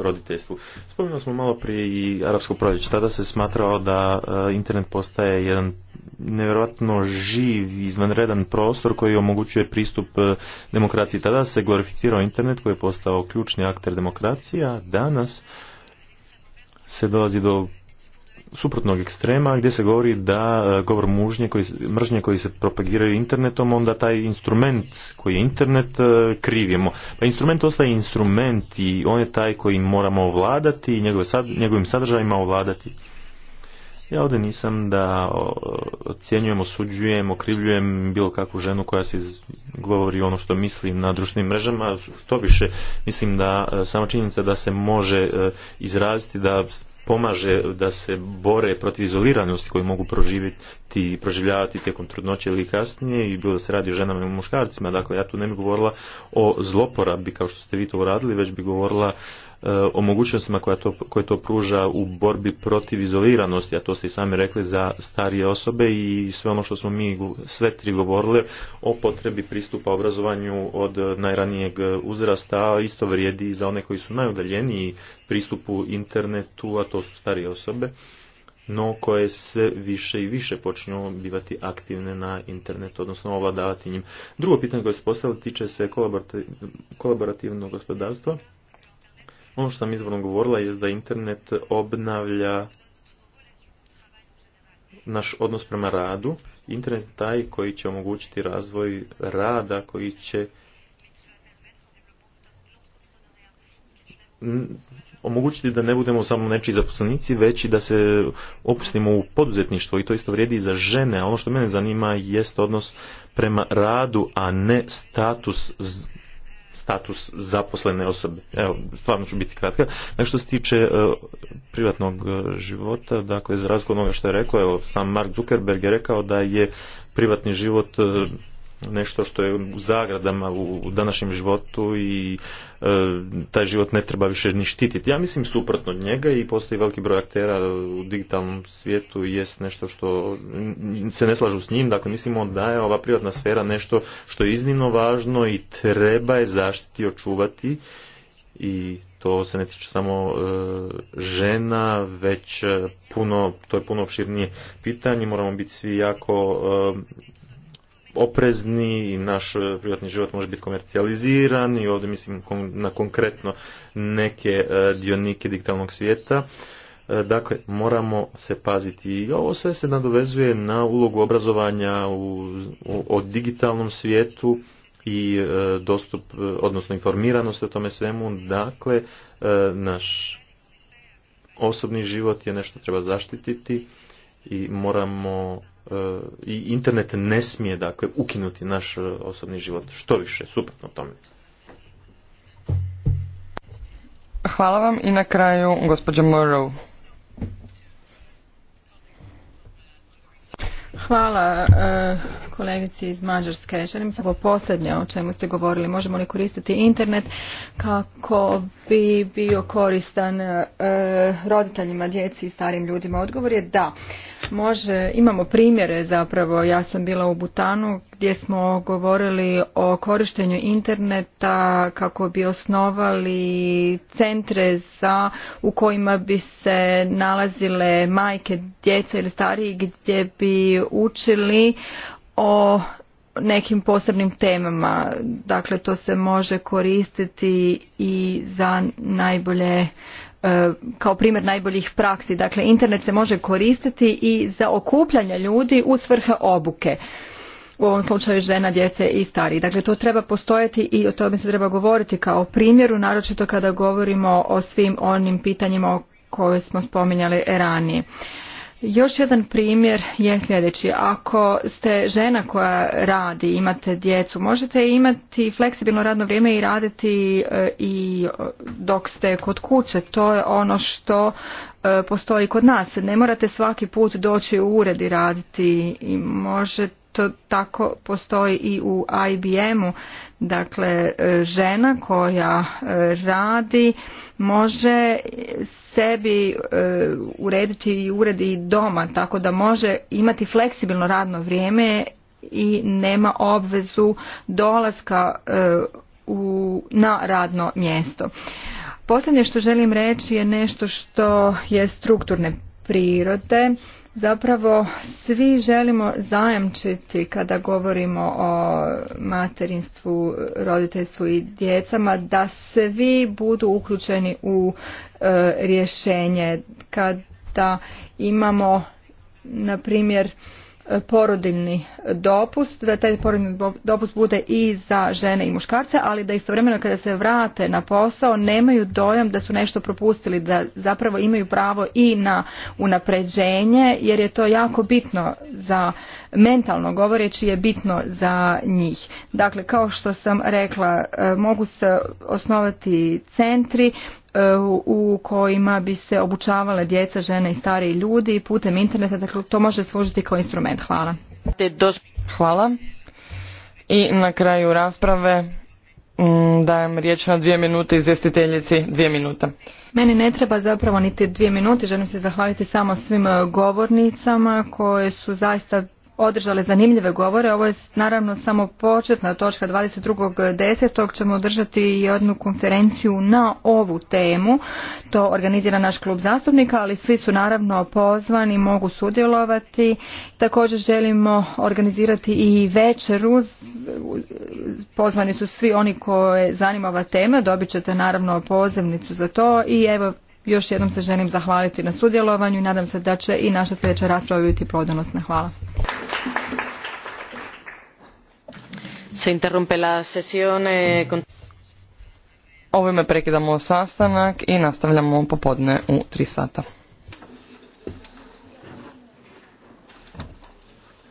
roditeljstvu. Spominjali smo malo prije i arapsko proljeće. Tada se smatrao da e, internet postaje jedan nevjerojatno živ, izvanredan prostor koji omogućuje pristup e, demokraciji. Tada se glorificirao internet koji je postao ključni akter demokracija. Danas se dolazi do suprotnog ekstrema gdje se govori da e, govor mužnje koji, mržnje koji se propagiraju internetom, onda taj instrument koji je internet e, krivimo. Pa instrument ostaje instrument i on je taj koji moramo ovladati i njegovim sadržajima ovladati. Ja ovdje nisam da ocjenjujem, osuđujem, okrivljujem bilo kakvu ženu koja se govori ono što misli na društvenim mrežama, što više mislim da e, sama činjenica da se može izraziti, da pomaže da se bore protiv izoliranosti koju mogu proživjeti i proživljavati tijekom trudnoće ili kasnije i bilo da se radi o ženama i muškarcima. Dakle, ja tu ne bi govorila o zloporabi kao što ste vi to uradili, već bi govorila E, o mogućnostima to, koje to pruža u borbi protiv izoliranosti, a to ste i sami rekli za starije osobe i sve ono što smo mi sve tri govorili o potrebi pristupa obrazovanju od najranijeg e, uzrasta, a isto vrijedi i za one koji su najudaljeniji pristupu internetu, a to su starije osobe no koje sve više i više počinju bivati aktivne na internetu, odnosno ovladavati njim. Drugo pitanje koje se postavlja tiče se kolaborativnog gospodarstva ono što sam izvorno govorila je da internet obnavlja naš odnos prema radu. Internet taj koji će omogućiti razvoj rada, koji će omogućiti da ne budemo samo nečiji zaposlenici, već i da se opustimo u poduzetništvo i to isto vrijedi i za žene. A Ono što mene zanima jest odnos prema radu, a ne status status zaposlene osobe. Evo, stvarno ću biti kratka. Dakle, što se tiče e, privatnog e, života, dakle, za razliku onoga što je rekao, evo, sam Mark Zuckerberg je rekao da je privatni život e, nešto što je u zagradama u, današnjem životu i e, taj život ne treba više ni štititi. Ja mislim suprotno od njega i postoji veliki broj aktera u digitalnom svijetu i jest nešto što se ne slažu s njim. Dakle, mislimo da je ova privatna sfera nešto što je iznimno važno i treba je zaštiti i očuvati i to se ne tiče samo e, žena, već e, puno, to je puno opširnije pitanje, moramo biti svi jako oprezni i naš eh, privatni život može biti komercijaliziran i ovdje mislim na konkretno neke eh, dionike digitalnog svijeta. Eh, dakle, moramo se paziti i ovo sve se nadovezuje na ulogu obrazovanja u, o digitalnom svijetu i dostup, odnosno informiranost o tome svemu. Dakle, naš osobni život je nešto treba zaštititi i moramo i internet ne smije dakle ukinuti naš e, osobni život što više suprotno tome. Hvala vam i na kraju gospođa Morrow. Hvala e, kolegici iz Mađarske. Želim samo posljednje o čemu ste govorili. Možemo li koristiti internet kako bi bio koristan e, roditeljima, djeci i starim ljudima? Odgovor je da. Može, imamo primjere zapravo, ja sam bila u Butanu gdje smo govorili o korištenju interneta kako bi osnovali centre za, u kojima bi se nalazile majke, djeca ili stariji gdje bi učili o nekim posebnim temama. Dakle, to se može koristiti i za najbolje E, kao primjer najboljih praksi. Dakle, internet se može koristiti i za okupljanje ljudi u svrhe obuke. U ovom slučaju žena, djece i stariji. Dakle, to treba postojati i o tome se treba govoriti kao primjeru, naročito kada govorimo o svim onim pitanjima koje smo spominjali ranije. Još jedan primjer je sljedeći. Ako ste žena koja radi, imate djecu, možete imati fleksibilno radno vrijeme i raditi e, i e, dok ste kod kuće. To je ono što e, postoji kod nas. Ne morate svaki put doći u ured i raditi i možete to tako postoji i u IBM-u. Dakle, žena koja e, radi može sebi e, urediti i uredi doma, tako da može imati fleksibilno radno vrijeme i nema obvezu dolaska e, na radno mjesto. Posljednje što želim reći je nešto što je strukturne prirode, Zapravo svi želimo zajamčiti kada govorimo o materinstvu, roditeljstvu i djecama da svi budu uključeni u e, rješenje kada imamo na primjer porodiljni dopust, da taj porodiljni dopust bude i za žene i muškarce, ali da istovremeno kada se vrate na posao nemaju dojam da su nešto propustili, da zapravo imaju pravo i na unapređenje jer je to jako bitno za mentalno govoreći je bitno za njih. Dakle, kao što sam rekla, e, mogu se osnovati centri e, u kojima bi se obučavale djeca, žene i stariji ljudi putem interneta, dakle to može služiti kao instrument. Hvala. Hvala. I na kraju rasprave mm, dajem riječ na dvije minute izvjestiteljici dvije minute. Meni ne treba zapravo niti dvije minute, želim se zahvaliti samo svim e, govornicama koje su zaista održale zanimljive govore. Ovo je naravno samo početna točka 22.10. ćemo održati jednu konferenciju na ovu temu. To organizira naš klub zastupnika, ali svi su naravno pozvani, mogu sudjelovati. Također želimo organizirati i večeru. Pozvani su svi oni koje zanima ova tema. Dobit ćete naravno pozivnicu za to i evo još jednom se želim zahvaliti na sudjelovanju i nadam se da će i naša sljedeća rasprava biti plodonosna. Hvala. Se interrumpe la eh, Ovime prekidamo sastanak i nastavljamo popodne u 3 sata.